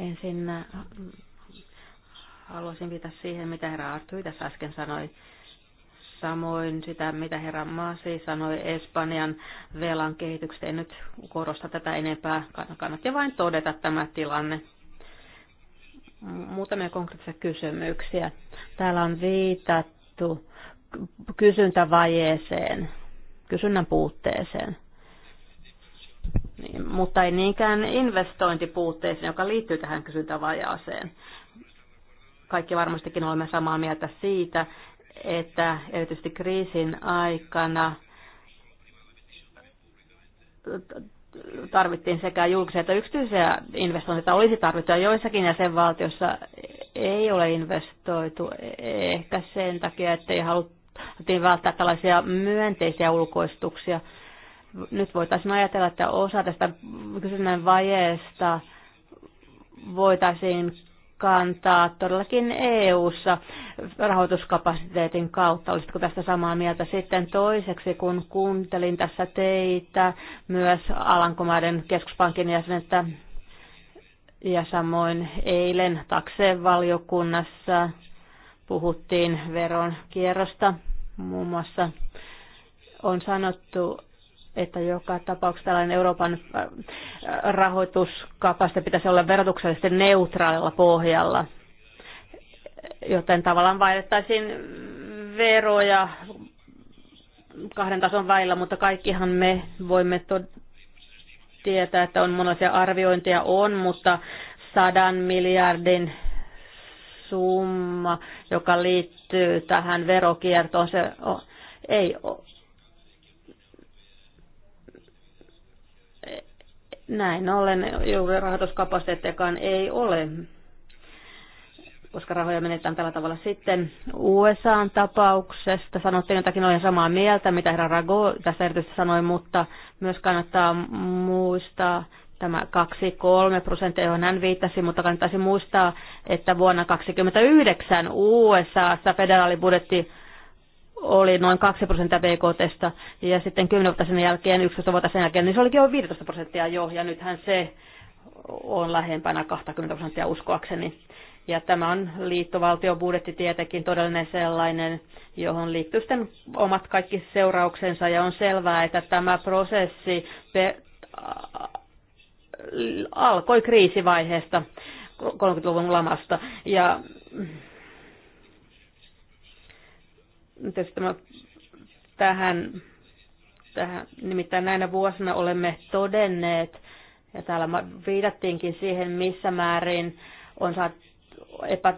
Speaker 3: Ensin äh, haluaisin viitata siihen, mitä herra Artui tässä äsken sanoi. Samoin sitä, mitä herra Maasi sanoi Espanjan velan kehityksestä. En nyt korosta tätä enempää. Kannattaa vain todeta tämä tilanne. Muutamia konkreettisia kysymyksiä. Täällä on viitattu kysyntävajeeseen, kysynnän puutteeseen. Niin, mutta ei niinkään investointipuutteeseen, joka liittyy tähän kysyntävajaaseen. Kaikki varmastikin olemme samaa mieltä siitä, että erityisesti kriisin aikana tarvittiin sekä julkisia että yksityisiä investointeja olisi tarvittu, ja joissakin jäsenvaltioissa ei ole investoitu ehkä sen takia, että ei haluttiin välttää tällaisia myönteisiä ulkoistuksia nyt voitaisiin ajatella, että osa tästä kysynnän vajeesta voitaisiin kantaa todellakin EU-ssa rahoituskapasiteetin kautta. Olisitko tästä samaa mieltä sitten toiseksi, kun kuuntelin tässä teitä, myös Alankomaiden keskuspankin jäsenettä ja samoin eilen takseen valiokunnassa puhuttiin veron kierrosta muun muassa. On sanottu, että joka tapauksessa tällainen Euroopan äh, rahoituskapasite pitäisi olla verotuksellisesti neutraalilla pohjalla, joten tavallaan vaihdettaisiin veroja kahden tason väillä, mutta kaikkihan me voimme tietää, että on monenlaisia arviointeja on, mutta sadan miljardin summa, joka liittyy tähän verokiertoon, se ei Näin ollen juuri rahoituskapasiteettiakaan ei ole, koska rahoja menetään tällä tavalla. Sitten USAn tapauksesta sanottiin jotakin, olen samaa mieltä, mitä herra Rago tässä erityisesti sanoi, mutta myös kannattaa muistaa tämä 2-3 prosenttia, johon hän viittasi, mutta kannattaisi muistaa, että vuonna 2029 USAssa federaalibudjetti oli noin 2 prosenttia BKTstä ja sitten 10 vuotta sen jälkeen, 11 vuotta sen jälkeen, niin se olikin jo 15 prosenttia jo ja nythän se on lähempänä 20 prosenttia uskoakseni. Ja tämä on liittovaltion budjetti tietenkin todellinen sellainen, johon liittyy sitten omat kaikki seurauksensa ja on selvää, että tämä prosessi alkoi kriisivaiheesta 30-luvun lamasta ja nyt tämä tähän, tähän, nimittäin näinä vuosina olemme todenneet, ja täällä viidattiinkin siihen, missä määrin on saat, epä,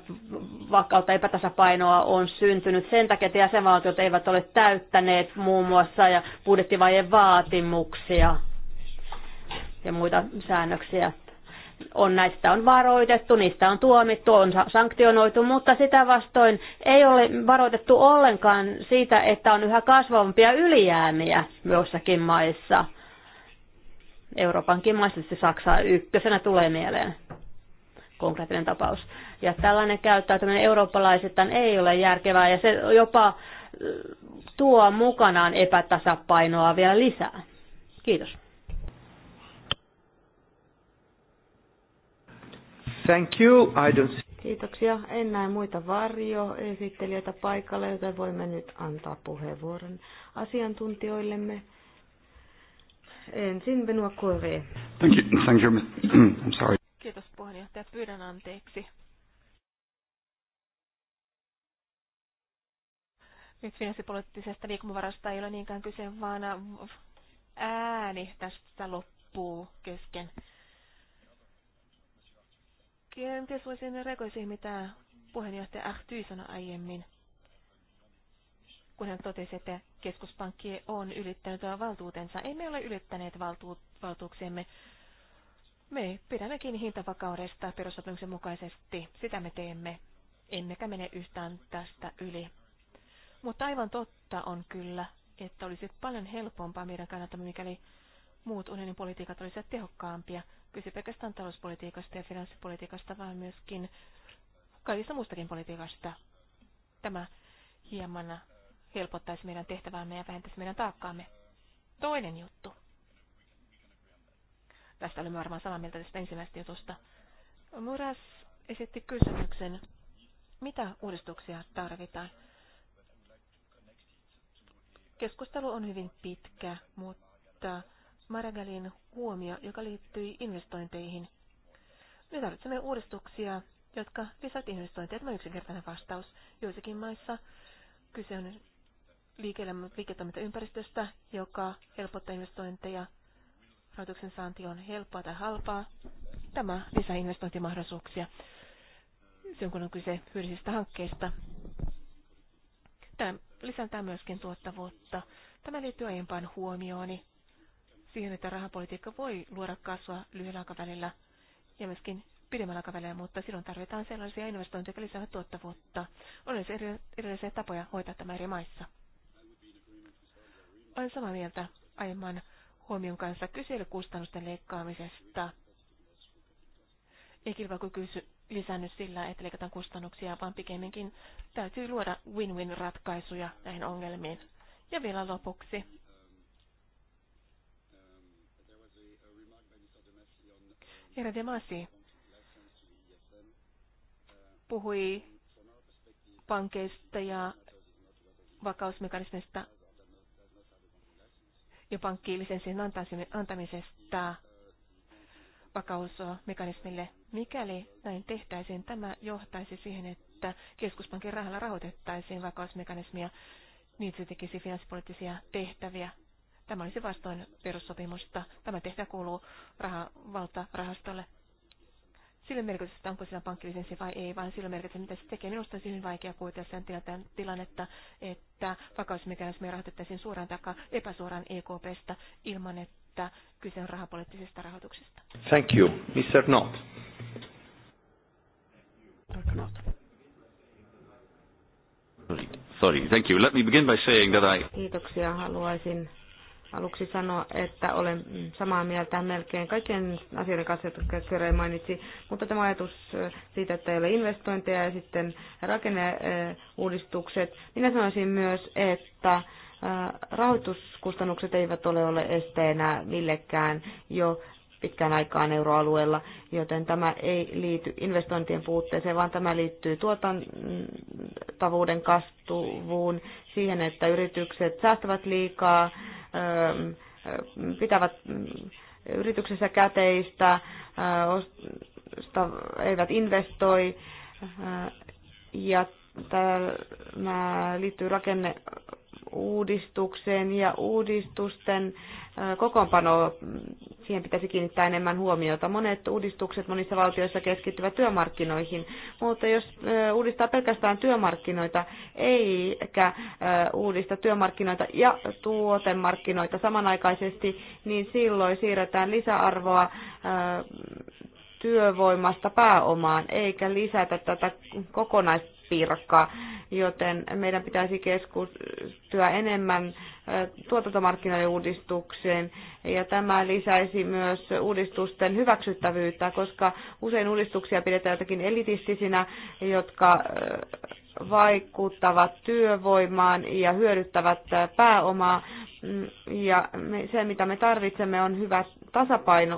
Speaker 3: vakautta epätasapainoa on syntynyt sen takia, että jäsenvaltiot eivät ole täyttäneet muun muassa ja budjettivajien vaatimuksia ja muita säännöksiä on näistä on varoitettu, niistä on tuomittu, on sanktionoitu, mutta sitä vastoin ei ole varoitettu ollenkaan siitä, että on yhä kasvavampia ylijäämiä joissakin maissa. Euroopankin maissa se siis Saksaa ykkösenä tulee mieleen konkreettinen tapaus. Ja tällainen käyttäytyminen eurooppalaisittain ei ole järkevää ja se jopa äh, tuo mukanaan epätasapainoa vielä lisää. Kiitos.
Speaker 1: Thank you. I don't see...
Speaker 4: Kiitoksia. En näe muita varjoesittelijöitä paikalle, joten voimme nyt antaa puheenvuoron asiantuntijoillemme. Ensin Benoit Koive.
Speaker 1: Thank you. Thank you. I'm
Speaker 2: sorry. Kiitos puheenjohtaja. Pyydän anteeksi. Nyt finanssipoliittisesta liikkumavarasta ei ole niinkään kyse, vaan ääni tästä loppuu kesken. Kenties voisin reagoida siihen, mitä puheenjohtaja Ahty sanoi aiemmin, kun hän totesi, että keskuspankki on ylittänyt valtuutensa. Emme ole ylittäneet valtuut, valtuuksiemme. Me pidämme kiinni hintavakaudesta perussopimuksen mukaisesti. Sitä me teemme. Emmekä mene yhtään tästä yli. Mutta aivan totta on kyllä, että olisi paljon helpompaa meidän kannattamme, mikäli muut unionin politiikat olisivat tehokkaampia. kysy pelkästään talouspolitiikasta ja finanssipolitiikasta, vaan myöskin kaikista muustakin politiikasta. Tämä hieman helpottaisi meidän tehtäväämme ja vähentäisi meidän taakkaamme. Toinen juttu. Tästä olemme varmaan samaa mieltä tästä ensimmäisestä jutusta. Muras esitti kysymyksen, mitä uudistuksia tarvitaan. Keskustelu on hyvin pitkä, mutta Maragallin huomio, joka liittyi investointeihin. Me tarvitsemme uudistuksia, jotka lisät investointeja. Tämä yksinkertainen vastaus. Joissakin maissa kyse on liiketoimintaympäristöstä, joka helpottaa investointeja. Rahoituksen saanti on helppoa tai halpaa. Tämä lisää investointimahdollisuuksia silloin, kun on kyse hyödyllisistä hankkeista. Tämä lisää myöskin tuottavuutta. Tämä liittyy aiempaan huomiooni siihen, että rahapolitiikka voi luoda kasvua lyhyellä aikavälillä ja myöskin pidemmällä aikavälillä, mutta silloin tarvitaan sellaisia investointeja, jotka lisäävät tuottavuutta. On myös erilaisia tapoja hoitaa tämä eri maissa. Olen samaa mieltä aiemman huomion kanssa kyselykustannusten leikkaamisesta. Ei kilpailukyky lisännyt sillä, että leikataan kustannuksia, vaan pikemminkin täytyy luoda win-win ratkaisuja näihin ongelmiin. Ja vielä lopuksi Herra Demasi puhui pankeista ja vakausmekanismista ja pankkiilisensin antamisesta vakausmekanismille. Mikäli näin tehtäisiin, tämä johtaisi siihen, että keskuspankin rahalla rahoitettaisiin vakausmekanismia, niin se tekisi finanssipoliittisia tehtäviä Tämä olisi vastoin perussopimusta. Tämä tehtävä kuuluu raha, rahastolle. Sillä merkitystä, onko sillä pankkilisenssi vai ei, vaan sillä merkitystä, mitä se tekee. Minusta on hyvin vaikea kuvitella sen tilannetta, että vakausmekanismi rahoitettaisiin suoraan takaa epäsuoraan EKPstä ilman, että kyse on rahapoliittisesta rahoituksesta.
Speaker 1: Thank you. Mr. Not. Sorry, thank you. Let me begin by saying that
Speaker 4: I... Kiitoksia. Haluaisin aluksi sanoa, että olen samaa mieltä melkein kaikkien asioiden kanssa, jotka Kere mainitsi, mutta tämä ajatus siitä, että ei ole investointeja ja sitten rakenneuudistukset. Minä sanoisin myös, että rahoituskustannukset eivät ole ole esteenä millekään jo pitkään aikaan euroalueella, joten tämä ei liity investointien puutteeseen, vaan tämä liittyy tuotantavuuden kastuvuun, siihen, että yritykset säästävät liikaa, pitävät yrityksessä käteistä, eivät investoi ja tämä liittyy rakenne uudistukseen ja uudistusten kokoonpano, siihen pitäisi kiinnittää enemmän huomiota. Monet uudistukset monissa valtioissa keskittyvät työmarkkinoihin, mutta jos uudistaa pelkästään työmarkkinoita eikä uudista työmarkkinoita ja tuotemarkkinoita samanaikaisesti, niin silloin siirretään lisäarvoa työvoimasta pääomaan, eikä lisätä tätä kokonaista virka, joten meidän pitäisi keskustyä enemmän tuotantomarkkinoiden uudistukseen ja tämä lisäisi myös uudistusten hyväksyttävyyttä, koska usein uudistuksia pidetään jotakin elitistisinä, jotka vaikuttavat työvoimaan ja hyödyttävät pääomaa. Mm, ja se, mitä me tarvitsemme, on hyvä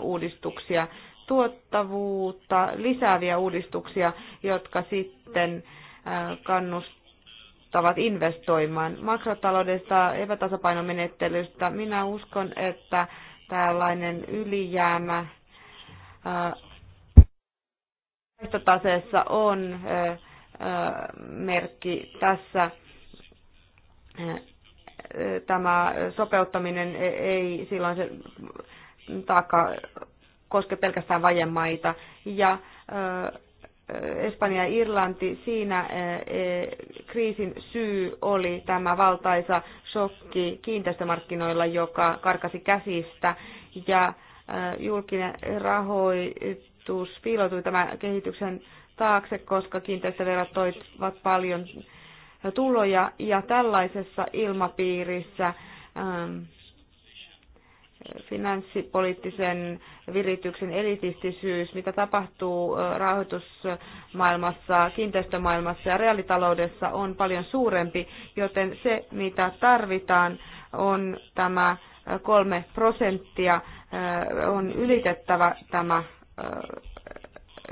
Speaker 4: uudistuksia, tuottavuutta lisääviä uudistuksia, jotka sitten kannustavat investoimaan. Makrotaloudesta epätasapainomenettelystä minä uskon, että tällainen ylijäämä äh, vaihtotaseessa on äh, äh, merkki tässä. Tämä sopeuttaminen ei silloin se taakka koske pelkästään vajemaita. Ja Espanja ja Irlanti, siinä eh, eh, kriisin syy oli tämä valtaisa shokki kiinteistömarkkinoilla, joka karkasi käsistä ja eh, julkinen rahoitus piiloutui tämän kehityksen taakse, koska kiinteistöverot toivat paljon tuloja ja tällaisessa ilmapiirissä ehm, finanssipoliittisen virityksen elitistisyys, mitä tapahtuu rahoitusmaailmassa, kiinteistömaailmassa ja reaalitaloudessa on paljon suurempi, joten se mitä tarvitaan on tämä kolme prosenttia, on ylitettävä tämä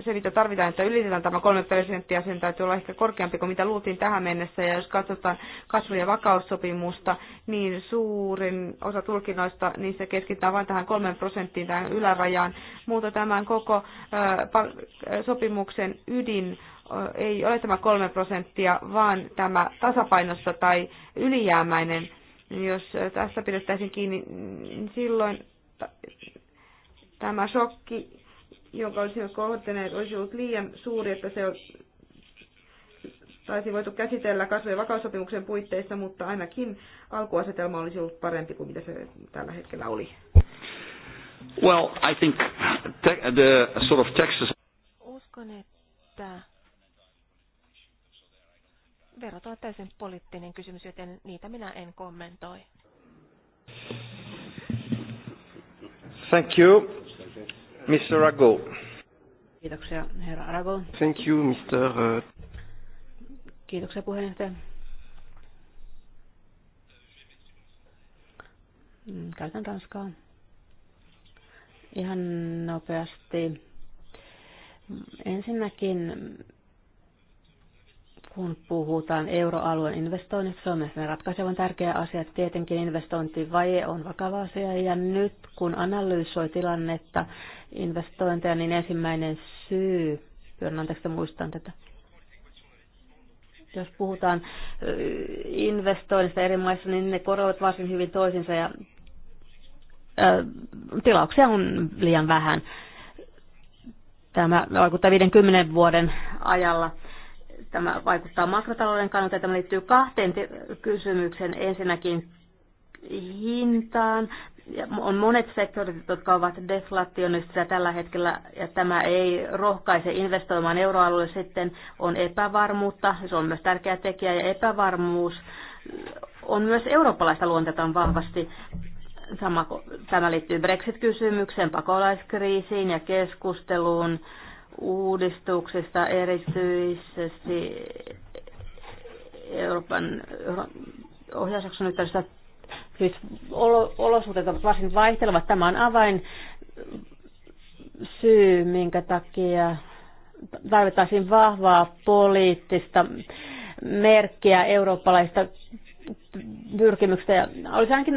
Speaker 4: se, mitä tarvitaan, että ylitetään tämä kolme prosenttia, sen täytyy olla ehkä korkeampi kuin mitä luultiin tähän mennessä. Ja jos katsotaan kasvu- ja vakaussopimusta, niin suurin osa tulkinnoista, niin se keskittää vain tähän kolmen prosenttiin, tähän ylärajaan. Mutta tämän koko sopimuksen ydin ei ole tämä kolme prosenttia, vaan tämä tasapainossa tai ylijäämäinen. Jos tässä pidettäisiin kiinni, niin silloin tämä shokki jonka olisimme kohdanneet, olisi ollut liian suuri, että se taisi voitu käsitellä kasvojen vakaussopimuksen puitteissa, mutta ainakin alkuasetelma olisi ollut parempi kuin mitä se tällä hetkellä oli.
Speaker 1: Well, I think the sort of Texas...
Speaker 2: Uskon, että verot ovat täysin poliittinen kysymys, joten niitä minä en kommentoi.
Speaker 1: Thank you. Mr. Rago.
Speaker 3: Kiitoksia, herra Arago.
Speaker 1: Thank you, Mr. Uh,
Speaker 3: Kiitoksia, puheenjohtaja. Mm, käytän ranskaa. Ihan nopeasti. Ensinnäkin kun puhutaan euroalueen investoinnista, se on mielestäni ratkaisevan tärkeä asia. Tietenkin investointivaje on vakava asia ja nyt kun analysoi tilannetta, investointeja, niin ensimmäinen syy, pyörän anteeksi, muistan tätä, jos puhutaan investoinnista eri maissa, niin ne korovat varsin hyvin toisinsa ja ää, tilauksia on liian vähän. Tämä vaikuttaa 50 vuoden ajalla. Tämä vaikuttaa makrotalouden kannalta ja tämä liittyy kahteen kysymykseen. Ensinnäkin hintaan ja on monet sektorit, jotka ovat deflationistisia tällä hetkellä, ja tämä ei rohkaise investoimaan euroalueelle sitten, on epävarmuutta, se on myös tärkeä tekijä, ja epävarmuus äh, on myös eurooppalaista luontetaan vahvasti. Sama, tämä liittyy Brexit-kysymykseen, pakolaiskriisiin ja keskusteluun uudistuksista, erityisesti Euroopan ohjausjakson yhteydessä Siis olosuhteet ovat varsin vaihtelevat. Tämä on avain syy, minkä takia tarvittaisiin vahvaa poliittista merkkiä eurooppalaista pyrkimyksestä. Ja olisi ainakin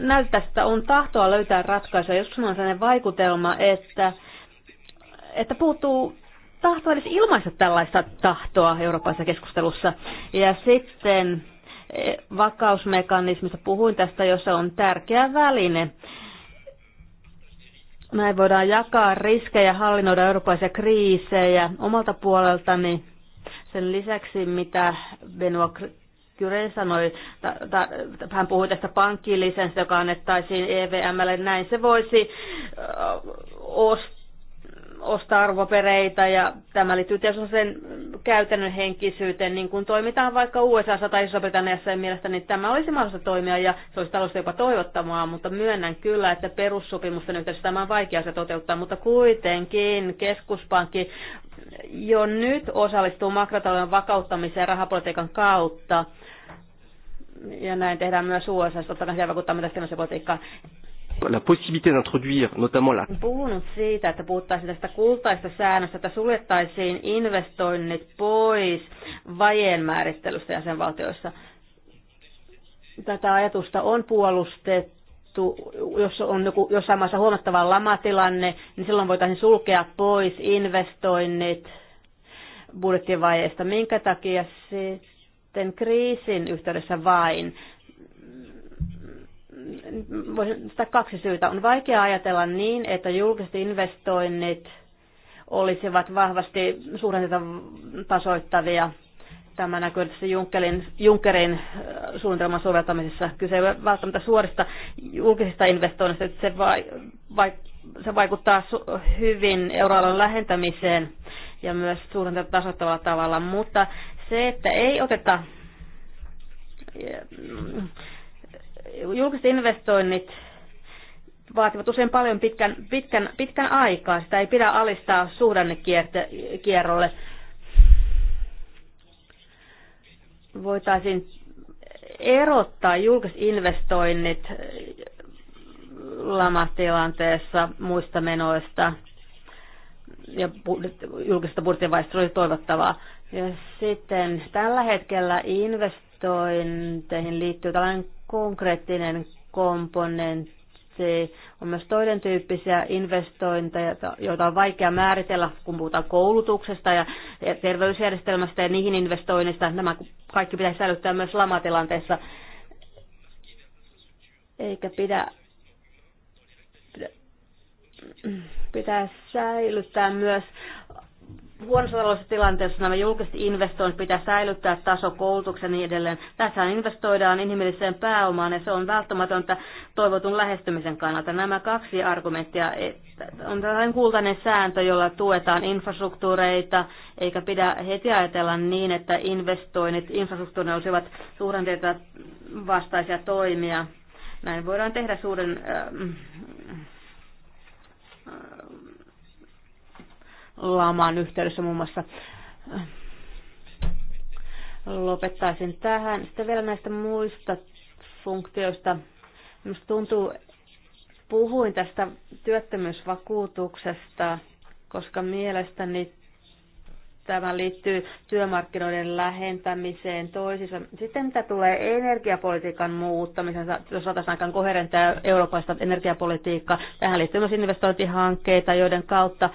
Speaker 3: näyttää, että on tahtoa löytää ratkaisuja. Joskus on sellainen vaikutelma, että, että puuttuu tahtoa edes ilmaista tällaista tahtoa eurooppalaisessa keskustelussa. Ja sitten Eh, vakausmekanismista. Puhuin tästä, jos se on tärkeä väline. Näin voidaan jakaa riskejä, hallinnoida eurooppalaisia kriisejä omalta puoleltani. Sen lisäksi, mitä Benoit Kyre sanoi, ta, ta, hän puhui tästä pankkilisenssistä, joka annettaisiin EVMlle, näin se voisi ostaa ostaa arvopereitä ja tämä liittyy tietysti sen käytännön henkisyyteen, niin kuin toimitaan vaikka USA tai Iso-Britanniassa ja mielestäni niin tämä olisi mahdollista toimia ja se olisi talousta jopa toivottavaa, mutta myönnän kyllä, että perussopimusten yhteydessä tämä on vaikea se toteuttaa, mutta kuitenkin keskuspankki jo nyt osallistuu makrotalouden vakauttamiseen rahapolitiikan kautta ja näin tehdään myös USA, totta kai siellä vaikuttaa mitä finanssipolitiikkaa
Speaker 1: la possibilité d'introduire notamment la...
Speaker 3: Puhunut siitä, että puhuttaisiin tästä kultaista säännöstä, että suljettaisiin investoinnit pois vajeen määrittelystä jäsenvaltioissa. Tätä ajatusta on puolustettu, jos on joku, jossain maassa huomattava lamatilanne, niin silloin voitaisiin sulkea pois investoinnit budjettivajeesta. Minkä takia sitten kriisin yhteydessä vain? voisin sitä kaksi syytä. On vaikea ajatella niin, että julkiset investoinnit olisivat vahvasti suhdanteita tasoittavia. Tämä näkyy tässä Junckerin, Junckerin äh, suunnitelman soveltamisessa. Kyse ei ole välttämättä suorista julkisista investoinnista, että se, vai, vai, se vaikuttaa hyvin euroalan lähentämiseen ja myös suhdanteita tasoittavalla tavalla, mutta se, että ei oteta julkiset investoinnit vaativat usein paljon pitkän, pitkän, pitkän aikaa. Sitä ei pidä alistaa suhdannekierrolle. Voitaisiin erottaa julkiset investoinnit lamatilanteessa muista menoista ja julkisesta budjettivaiheesta olisi toivottavaa. Ja sitten tällä hetkellä investointeihin liittyy tällainen konkreettinen komponentti. On myös toinen tyyppisiä investointeja, joita on vaikea määritellä, kun puhutaan koulutuksesta ja terveysjärjestelmästä ja niihin investoinnista. Nämä kaikki pitäisi säilyttää myös lamatilanteessa. Eikä pidä pitää säilyttää myös huonossa taloudellisessa tilanteessa nämä julkiset investoinnit pitää säilyttää taso koulutuksen ja niin edelleen. Tässä investoidaan inhimilliseen pääomaan ja se on välttämätöntä toivotun lähestymisen kannalta. Nämä kaksi argumenttia on tällainen kultainen sääntö, jolla tuetaan infrastruktuureita, eikä pidä heti ajatella niin, että investoinnit infrastruktuurina olisivat suhdanteita vastaisia toimia. Näin voidaan tehdä suuren äh, lamaan yhteydessä muun muassa. Lopettaisin tähän. Sitten vielä näistä muista funktioista. Minusta tuntuu, puhuin tästä työttömyysvakuutuksesta, koska mielestäni Tämä liittyy työmarkkinoiden lähentämiseen toisissa. Sitten mitä tulee energiapolitiikan muuttamiseen, jos saataisiin aikaan koherentää eurooppalaista energiapolitiikkaa, tähän liittyy myös investointihankkeita, joiden kautta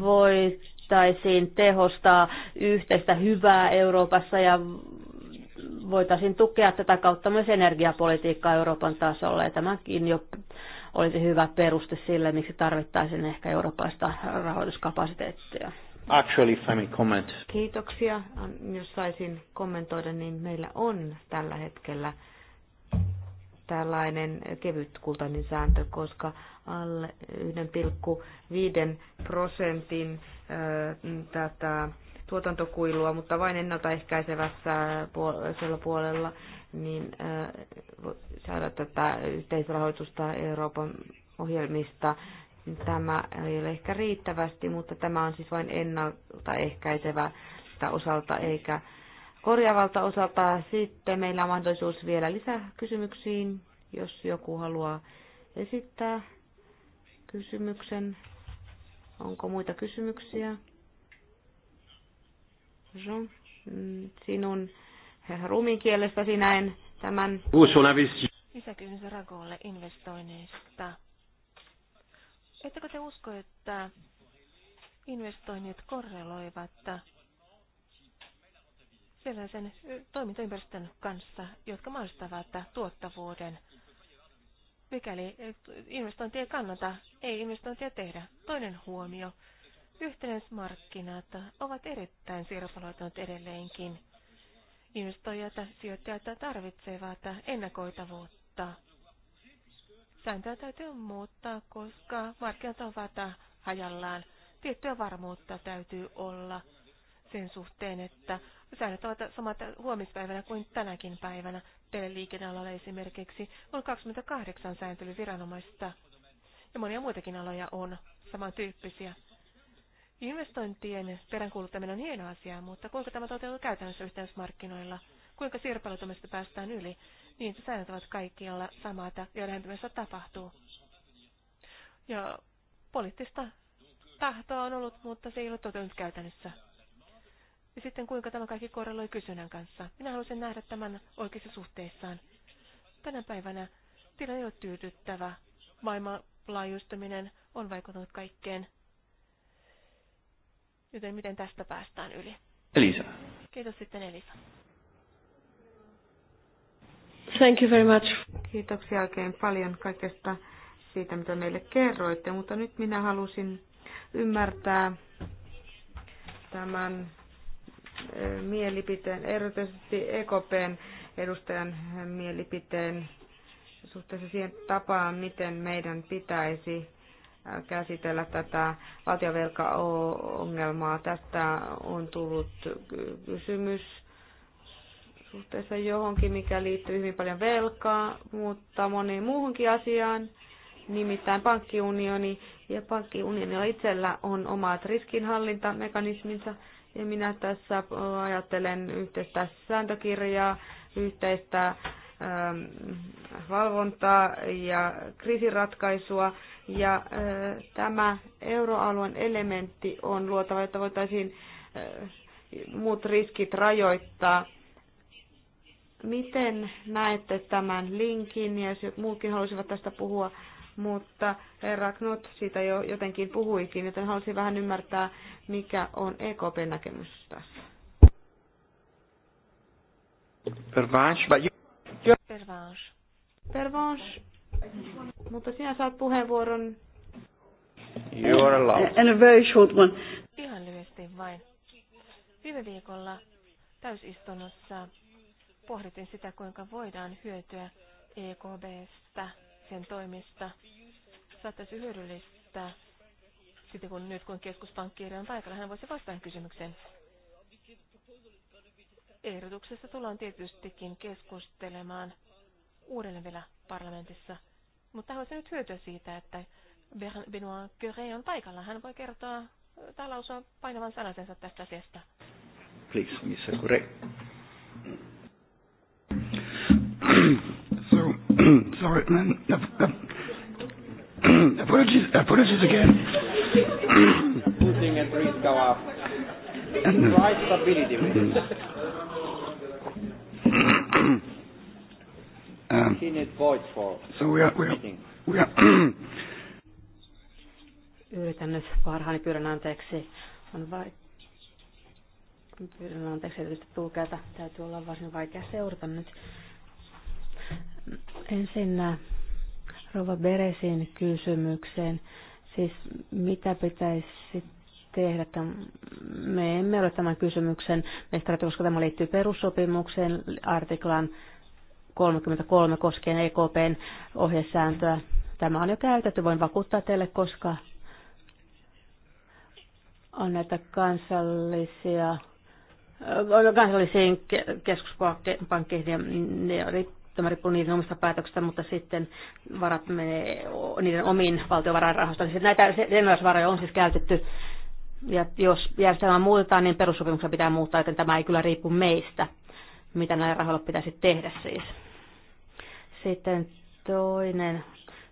Speaker 3: voitaisiin tehostaa yhteistä hyvää Euroopassa ja voitaisiin tukea tätä kautta myös energiapolitiikkaa Euroopan tasolla. Ja tämäkin jo olisi hyvä peruste sille, miksi tarvittaisiin ehkä eurooppalaista rahoituskapasiteettia.
Speaker 1: Actually, if I may comment.
Speaker 4: Kiitoksia. Jos saisin kommentoida, niin meillä on tällä hetkellä tällainen kevyt kultainen sääntö, koska alle 1,5 prosentin tätä tuotantokuilua, mutta vain ennaltaehkäisevässä puolella, niin saada tätä yhteisrahoitusta Euroopan ohjelmista Tämä ei ole ehkä riittävästi, mutta tämä on siis vain ennaltaehkäisevä osalta eikä korjaavalta osalta. Sitten meillä on mahdollisuus vielä lisäkysymyksiin, jos joku haluaa esittää kysymyksen. Onko muita kysymyksiä? Jean, sinun ruumiin kielestäsi näen tämän.
Speaker 2: Lisäkysymys Ragolle investoinneista. Ettekö te usko, että investoinnit korreloivat sellaisen toimintaympäristön kanssa, jotka mahdollistavat tuottavuuden? Mikäli investointi ei kannata, ei investointia tehdä. Toinen huomio. Yhteismarkkinat ovat erittäin sirpaloitunut edelleenkin. Investoijat, sijoittajat tarvitsevat ennakoitavuutta. Sääntöä täytyy muuttaa, koska markkinat ovat hajallaan. Tiettyä varmuutta täytyy olla sen suhteen, että säännöt ovat samat huomispäivänä kuin tänäkin päivänä. Teleliikennealalla esimerkiksi on 28 sääntelyviranomaista ja monia muitakin aloja on samantyyppisiä. Investointien peräänkuuluttaminen on hieno asia, mutta kuinka tämä toteutuu käytännössä yhteismarkkinoilla? Kuinka sirpaloitumista päästään yli? niin että säännöt ovat kaikkialla samat ja lähentymässä tapahtuu. Ja poliittista tahtoa on ollut, mutta se ei ole toteutunut käytännössä. Ja sitten kuinka tämä kaikki korreloi kysynnän kanssa. Minä haluaisin nähdä tämän oikeissa suhteissaan. Tänä päivänä tilanne ei ole tyydyttävä. Maailmanlaajuistuminen on vaikuttanut kaikkeen. Joten miten tästä päästään yli? Elisa. Kiitos sitten Elisa. Thank you very much. Kiitoksia oikein paljon kaikesta
Speaker 4: siitä, mitä meille kerroitte, mutta nyt minä halusin ymmärtää tämän mielipiteen, erityisesti EKPn edustajan mielipiteen suhteessa siihen tapaan, miten meidän pitäisi käsitellä tätä valtiovelka-ongelmaa. Tästä on tullut kysymys suhteessa johonkin, mikä liittyy hyvin paljon velkaa, mutta moneen muuhunkin asiaan, nimittäin pankkiunioni. Ja pankkiunionilla itsellä on omat riskinhallintamekanisminsa. Ja minä tässä ajattelen yhteistä sääntökirjaa, yhteistä ähm, valvontaa ja kriisiratkaisua. Ja äh, tämä euroalueen elementti on luotava, jotta voitaisiin äh, muut riskit rajoittaa Miten näette tämän linkin ja jos muutkin halusivat tästä puhua, mutta herra Knut siitä jo jotenkin puhuikin, joten haluaisin vähän ymmärtää, mikä on EKPn näkemys tässä. Pervanche. Pervanche. Mutta sinä saat puheenvuoron. You are allowed. And a very short one.
Speaker 2: Ihan lyhyesti vain. Viime viikolla täysistunnossa pohdittiin sitä, kuinka voidaan hyötyä EKBstä, sen toimista. Saattaisi hyödyllistä sitten kun nyt kun keskuspankkiiri on paikalla, hän voisi vastata kysymykseen.
Speaker 1: Ehdotuksesta
Speaker 2: tullaan tietystikin keskustelemaan uudelleen vielä parlamentissa, mutta haluaisin nyt hyötyä siitä, että Benoit Curé on paikalla. Hän voi kertoa tai painavan sanasensa tästä asiasta.
Speaker 1: Please, Mr. Curé. Sorry. apologies, apologies again.
Speaker 3: Yritän nyt parhaani, pyydän anteeksi. On vai... pyydän anteeksi että tulkeata. Täytyy olla varsin vaikea seurata nyt. Ensinnä äh, Rova Beresin kysymykseen, siis mitä pitäisi tehdä. Me emme ole tämän kysymyksen mestareita, koska tämä liittyy perussopimukseen artiklan 33 koskien EKPn ohjesääntöä. Tämä on jo käytetty, voin vakuuttaa teille, koska on näitä kansallisia kansallisiin keskuspankkeihin ja Tämä riippuu niiden omista päätöksistä, mutta sitten varat menee niiden omiin valtiovarainrahoista. Siis näitä venäläisvaroja on siis käytetty. Ja jos järjestelmää muutetaan, niin perussopimuksia pitää muuttaa, joten tämä ei kyllä riipu meistä, mitä näillä rahoilla pitäisi tehdä siis. Sitten toinen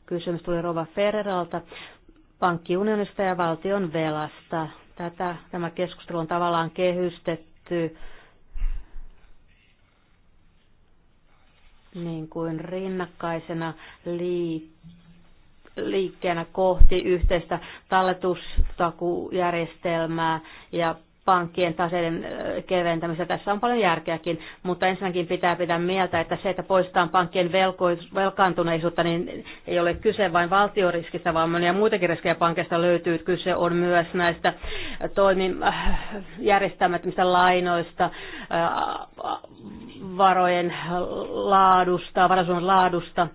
Speaker 3: kysymys tuli Rova Ferreralta pankkiunionista ja valtion velasta. Tätä, tämä keskustelu on tavallaan kehystetty niin kuin rinnakkaisena liikkeen liikkeenä kohti yhteistä talletustakujärjestelmää ja pankkien taseiden keventämistä. Tässä on paljon järkeäkin, mutta ensinnäkin pitää pitää mieltä, että se, että poistetaan pankkien velkaantuneisuutta, niin ei ole kyse vain valtioriskistä, vaan monia muitakin riskejä pankista löytyy. Kyse on myös näistä toimin, äh, järjestämättömistä lainoista, äh, varojen laadusta, varallisuuden laadusta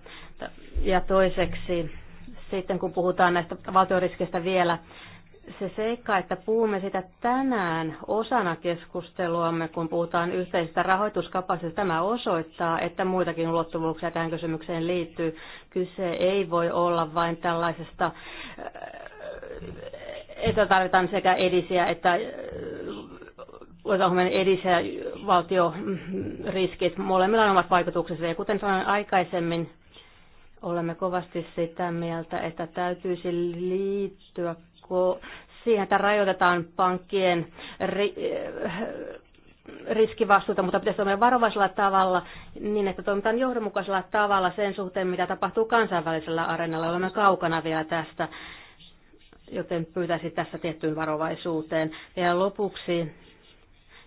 Speaker 3: ja toiseksi sitten kun puhutaan näistä valtioriskistä vielä, se seikka, että puhumme sitä tänään osana keskusteluamme, kun puhutaan yhteisestä rahoituskapasiteetista, tämä osoittaa, että muitakin ulottuvuuksia tähän kysymykseen liittyy. Kyse ei voi olla vain tällaisesta, äh, että tarvitaan sekä edisiä että otetaanko me ja valtioriskit. Molemmilla on omat vaikutuksensa ja kuten sanoin aikaisemmin, olemme kovasti sitä mieltä, että täytyisi liittyä kun siihen, että rajoitetaan pankkien ri, eh, riskivastuuta, mutta pitäisi toimia varovaisella tavalla niin, että toimitaan johdonmukaisella tavalla sen suhteen, mitä tapahtuu kansainvälisellä areenalla. Olemme kaukana vielä tästä, joten pyytäisin tässä tiettyyn varovaisuuteen. Ja lopuksi,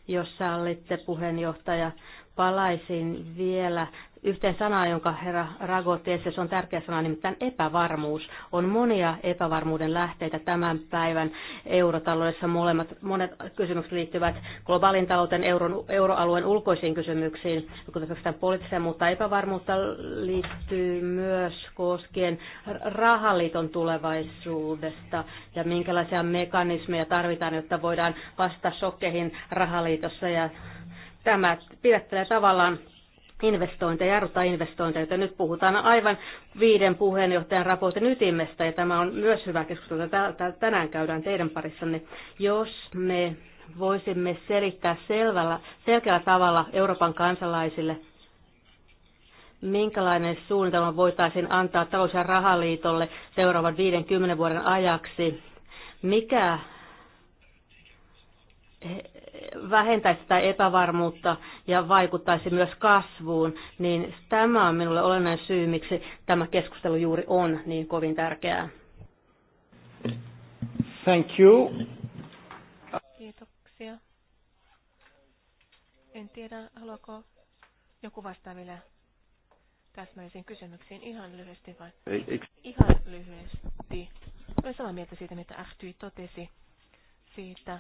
Speaker 3: jos sallitte puheenjohtaja, palaisin vielä yhteen sanaan, jonka herra Rago tiesi, se on tärkeä sana, nimittäin epävarmuus. On monia epävarmuuden lähteitä tämän päivän eurotaloudessa. Molemmat, monet kysymykset liittyvät globaalin talouden euron, euroalueen ulkoisiin kysymyksiin, kuten poliittiseen, mutta epävarmuutta liittyy myös koskien rahaliiton tulevaisuudesta ja minkälaisia mekanismeja tarvitaan, jotta voidaan vastata sokkeihin rahaliitossa ja tämä pidättelee tavallaan investointeja, jarruttaa investointeja, joten nyt puhutaan aivan viiden puheenjohtajan raportin ytimestä, ja tämä on myös hyvä keskustelu, jota tänään käydään teidän parissanne. Jos me voisimme selittää selvällä, selkeällä tavalla Euroopan kansalaisille, minkälainen suunnitelma voitaisiin antaa talous- ja rahaliitolle seuraavan 50 vuoden ajaksi, mikä vähentäisi sitä epävarmuutta ja vaikuttaisi myös kasvuun, niin tämä on minulle olennainen syy, miksi tämä keskustelu juuri on niin kovin tärkeää.
Speaker 1: Thank you.
Speaker 2: Kiitoksia. En tiedä, haluaako joku vastaa vielä täsmällisiin kysymyksiin ihan lyhyesti vai? Ihan lyhyesti. Olen samaa mieltä siitä, mitä Ahtui totesi siitä,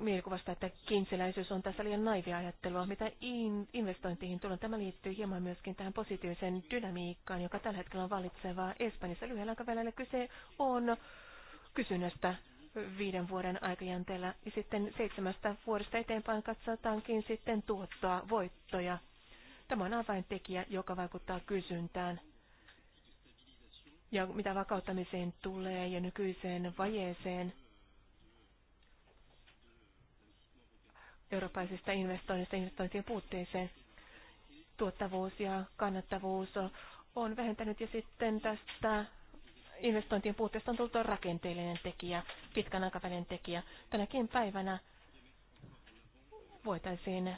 Speaker 2: mielikuvasta, että kiinsiläisyys on tässä liian naivia ajattelua. Mitä in, investointiin tulee, tämä liittyy hieman myöskin tähän positiiviseen dynamiikkaan, joka tällä hetkellä on valitsevaa Espanjassa. Lyhyellä aikavälillä kyse on kysynnästä viiden vuoden aikajänteellä ja sitten seitsemästä vuodesta eteenpäin katsotaankin sitten tuottoa, voittoja. Tämä on avaintekijä, joka vaikuttaa kysyntään. Ja mitä vakauttamiseen tulee ja nykyiseen vajeeseen, eurooppalaisista investoinnista investointien puutteeseen. Tuottavuus ja kannattavuus on vähentänyt ja sitten tästä investointien puutteesta on tullut rakenteellinen tekijä, pitkän aikavälin tekijä. Tänäkin päivänä voitaisiin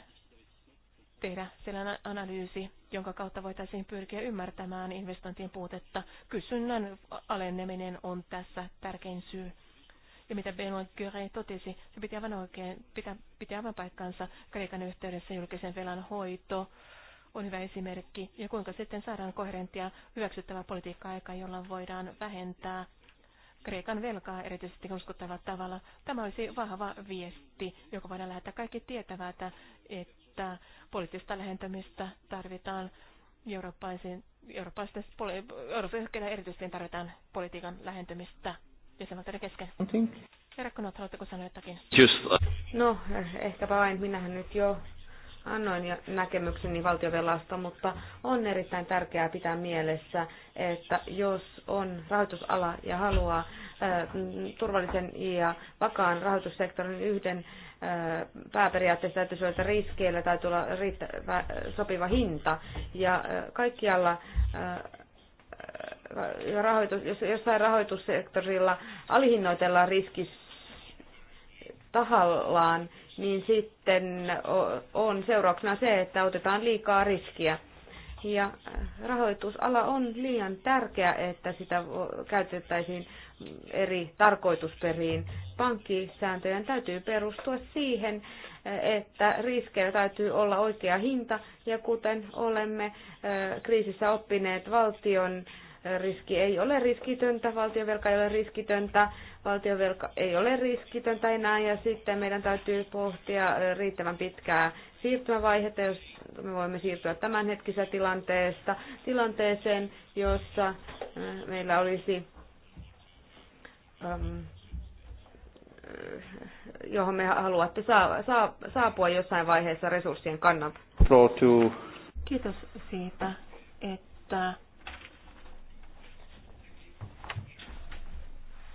Speaker 2: tehdä sellainen analyysi, jonka kautta voitaisiin pyrkiä ymmärtämään investointien puutetta. Kysynnän alenneminen on tässä tärkein syy. Ja mitä Benoit Kyre totesi, se piti aivan oikein, pitää, pitää aivan paikkansa Kreikan yhteydessä julkisen velan hoito on hyvä esimerkki. Ja kuinka sitten saadaan koherenttia hyväksyttävää politiikkaa aika jolla voidaan vähentää Kreikan velkaa erityisesti uskottavalla tavalla. Tämä olisi vahva viesti, joka voidaan lähettää kaikki tietävät, että poliittista lähentämistä tarvitaan eurooppalaisen, eurooppalaisten, eurooppalaisten erityisesti tarvitaan politiikan lähentymistä jäsenvaltioiden kesken. Herra Kunot, haluatteko sanoa jotakin? Just. No, ehkäpä vain. Minähän nyt jo annoin
Speaker 4: jo näkemykseni valtiovelasta, mutta on erittäin tärkeää pitää mielessä, että jos on rahoitusala ja haluaa turvallisen ja vakaan rahoitussektorin yhden pääperiaatteessa täytyy suojata riskeillä täytyy olla riittävä, sopiva hinta. Ja kaikkialla rahoitus, jos jossain rahoitussektorilla alihinnoitellaan riski tahallaan, niin sitten on seurauksena se, että otetaan liikaa riskiä. Ja äh, rahoitusala on liian tärkeä, että sitä käytettäisiin eri tarkoitusperiin. Pankkisääntöjen täytyy perustua siihen, äh, että riskejä täytyy olla oikea hinta, ja kuten olemme äh, kriisissä oppineet valtion riski ei ole riskitöntä, valtiovelka ei ole riskitöntä, valtiovelka ei ole riskitöntä enää ja sitten meidän täytyy pohtia riittävän pitkää siirtymävaihetta, jos me voimme siirtyä tämänhetkisestä tilanteesta tilanteeseen, jossa meillä olisi johon me haluatte saapua jossain vaiheessa resurssien kannalta.
Speaker 2: Kiitos siitä, että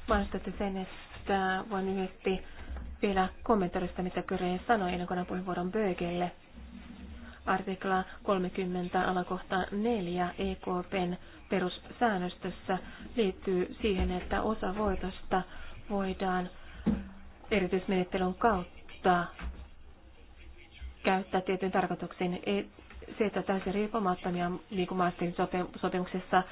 Speaker 2: mainostatte sen, että voin lyhyesti vielä kommentoida sitä, mitä Kyre sanoi ennen kuin puheenvuoron Bögelle. Artikla 30 alakohta 4 EKPn perussäännöstössä liittyy siihen, että osa voitosta voidaan erityismenettelyn kautta käyttää tietyn tarkoituksiin. E, se, että täysin riippumattomia liikumaisten niin sopimuksessa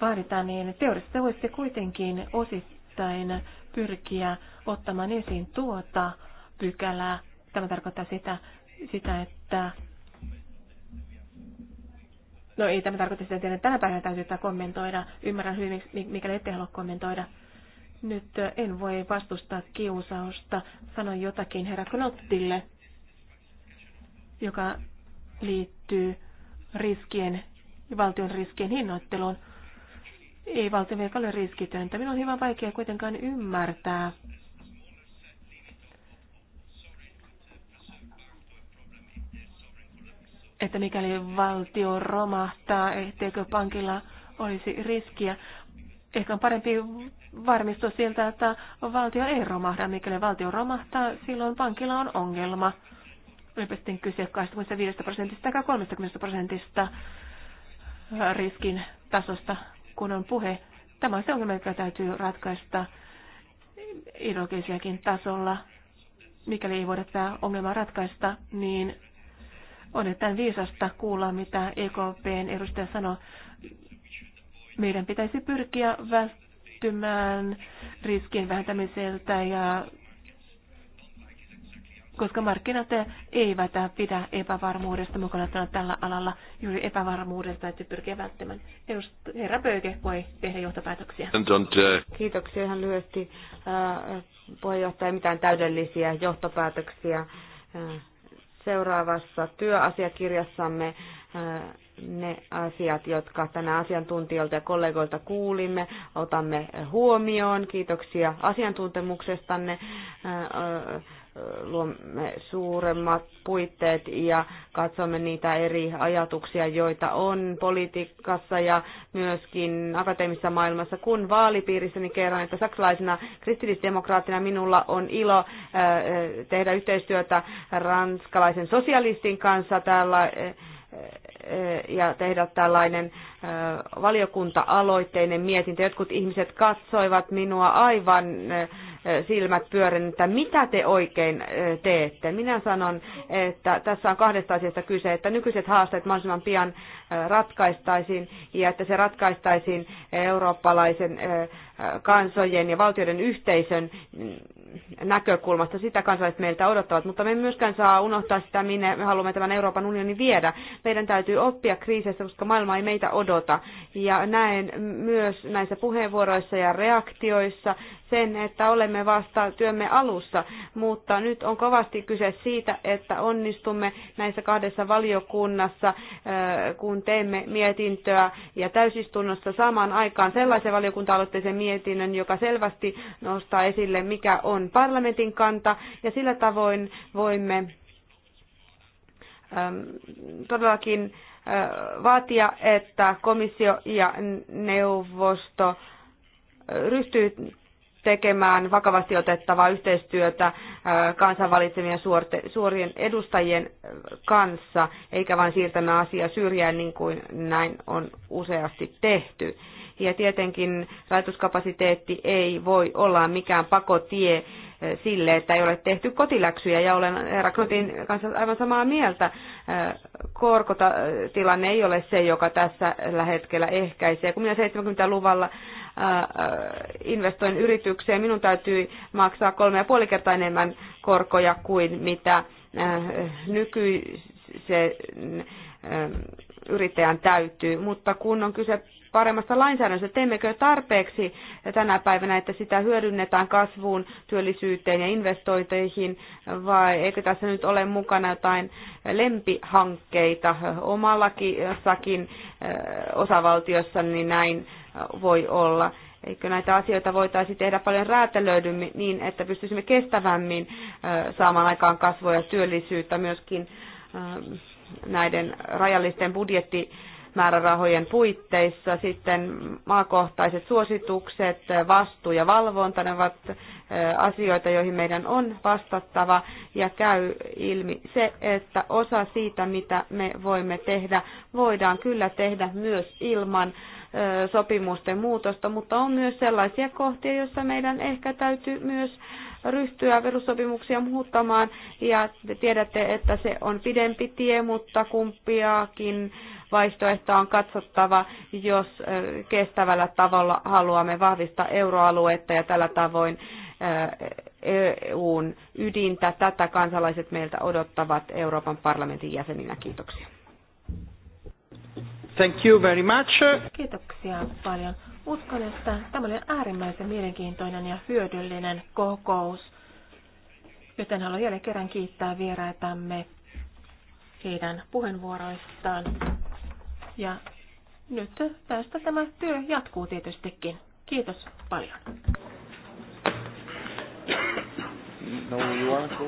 Speaker 2: vaaditaan, niin teoriassa voisi kuitenkin osittain päivittäin pyrkiä ottamaan esiin tuota pykälää. Tämä tarkoittaa sitä, sitä että No ei tämä tarkoita sitä, että tänä päivänä täytyy tätä kommentoida. Ymmärrän hyvin, mikäli ette halua kommentoida. Nyt en voi vastustaa kiusausta. Sanon jotakin herra Knottille, joka liittyy riskien, valtion riskien hinnoitteluun ei valtionvelka ole riskitöntä. Minun on hyvin vaikea kuitenkaan ymmärtää, että mikäli valtio romahtaa, etteikö pankilla olisi riskiä. Ehkä on parempi varmistua siltä, että valtio ei romahda. Mikäli valtio romahtaa, silloin pankilla on ongelma. Olipa sitten kyse 25 prosentista tai 30 prosentista riskin tasosta kun on puhe. Tämä on se ongelma, joka täytyy ratkaista ideologisiakin tasolla. Mikäli ei voida tämä ongelma ratkaista, niin on erittäin viisasta kuulla, mitä EKPn edustaja sanoi. Meidän pitäisi pyrkiä välttämään riskien vähentämiseltä ja koska markkinat eivät pidä epävarmuudesta mukana tällä alalla juuri epävarmuudesta, että pyrkii välttämään. Herra Böge voi tehdä johtopäätöksiä. Kiitoksia ihan lyhyesti. Äh,
Speaker 4: puheenjohtaja, mitään täydellisiä johtopäätöksiä. Äh, seuraavassa työasiakirjassamme äh, ne asiat, jotka tänä asiantuntijoilta ja kollegoilta kuulimme, otamme huomioon. Kiitoksia asiantuntemuksestanne luomme suuremmat puitteet ja katsomme niitä eri ajatuksia, joita on politiikassa ja myöskin akateemisessa maailmassa. Kun vaalipiirissäni niin kerron, että saksalaisena kristillisdemokraattina minulla on ilo äh, äh, tehdä yhteistyötä ranskalaisen sosialistin kanssa täällä äh, ja tehdä tällainen valiokunta-aloitteinen mietintö. Jotkut ihmiset katsoivat minua aivan silmät pyörin, että mitä te oikein teette. Minä sanon, että tässä on kahdesta asiasta kyse, että nykyiset haasteet mahdollisimman pian ratkaistaisiin ja että se ratkaistaisiin eurooppalaisen kansojen ja valtioiden yhteisön mm, näkökulmasta. Sitä kansalaiset meiltä odottavat, mutta me myöskään saa unohtaa sitä, minne me haluamme tämän Euroopan unionin viedä. Meidän täytyy oppia kriiseistä, koska maailma ei meitä odota. Ja näen myös näissä puheenvuoroissa ja reaktioissa sen, että olemme vasta työmme alussa, mutta nyt on kovasti kyse siitä, että onnistumme näissä kahdessa valiokunnassa, kun teemme mietintöä ja täysistunnossa saamaan aikaan sellaisen valiokunta-aloitteisen mietinnön, joka selvästi nostaa esille, mikä on parlamentin kanta, ja sillä tavoin voimme todellakin vaatia, että komissio ja neuvosto ryhtyy tekemään vakavasti otettavaa yhteistyötä äh, kansanvalitsemien suorien edustajien äh, kanssa, eikä vain siirtämään asiaa syrjään niin kuin näin on useasti tehty. Ja tietenkin rajoituskapasiteetti ei voi olla mikään pakotie äh, sille, että ei ole tehty kotiläksyjä, ja olen Knotin kanssa aivan samaa mieltä. Korkotilanne ei ole se, joka tässä hetkellä ehkäisee. Kun minä 70-luvulla investoin yritykseen, minun täytyy maksaa kolme ja puoli kertaa enemmän korkoja kuin mitä nykyisen yrittäjän täytyy. Mutta kun on kyse paremmasta lainsäädännöstä, teemmekö tarpeeksi tänä päivänä, että sitä hyödynnetään kasvuun, työllisyyteen ja investointeihin, vai eikö tässä nyt ole mukana jotain lempihankkeita omallakin jossakin osavaltiossa, niin näin voi olla. Eikö näitä asioita voitaisiin tehdä paljon räätälöidymmin niin, että pystyisimme kestävämmin saamaan aikaan kasvua ja työllisyyttä myöskin näiden rajallisten budjetti määrärahojen puitteissa. Sitten maakohtaiset suositukset, vastuu ja valvonta, ne ovat asioita, joihin meidän on vastattava ja käy ilmi se, että osa siitä, mitä me voimme tehdä, voidaan kyllä tehdä myös ilman sopimusten muutosta, mutta on myös sellaisia kohtia, joissa meidän ehkä täytyy myös ryhtyä perussopimuksia muuttamaan ja tiedätte, että se on pidempi tie, mutta kumpiakin vaihtoehtoa on katsottava, jos kestävällä tavalla haluamme vahvistaa euroaluetta ja tällä tavoin EUn ydintä. Tätä kansalaiset meiltä odottavat Euroopan parlamentin jäseninä.
Speaker 2: Kiitoksia.
Speaker 1: Thank you very much.
Speaker 2: Kiitoksia paljon. Uskon, että tämä oli äärimmäisen mielenkiintoinen ja hyödyllinen kokous, joten haluan jälleen kerran kiittää vieraitamme heidän puheenvuoroistaan. Ja nyt tästä tämä työ jatkuu tietystikin. Kiitos paljon
Speaker 1: no, you aren't.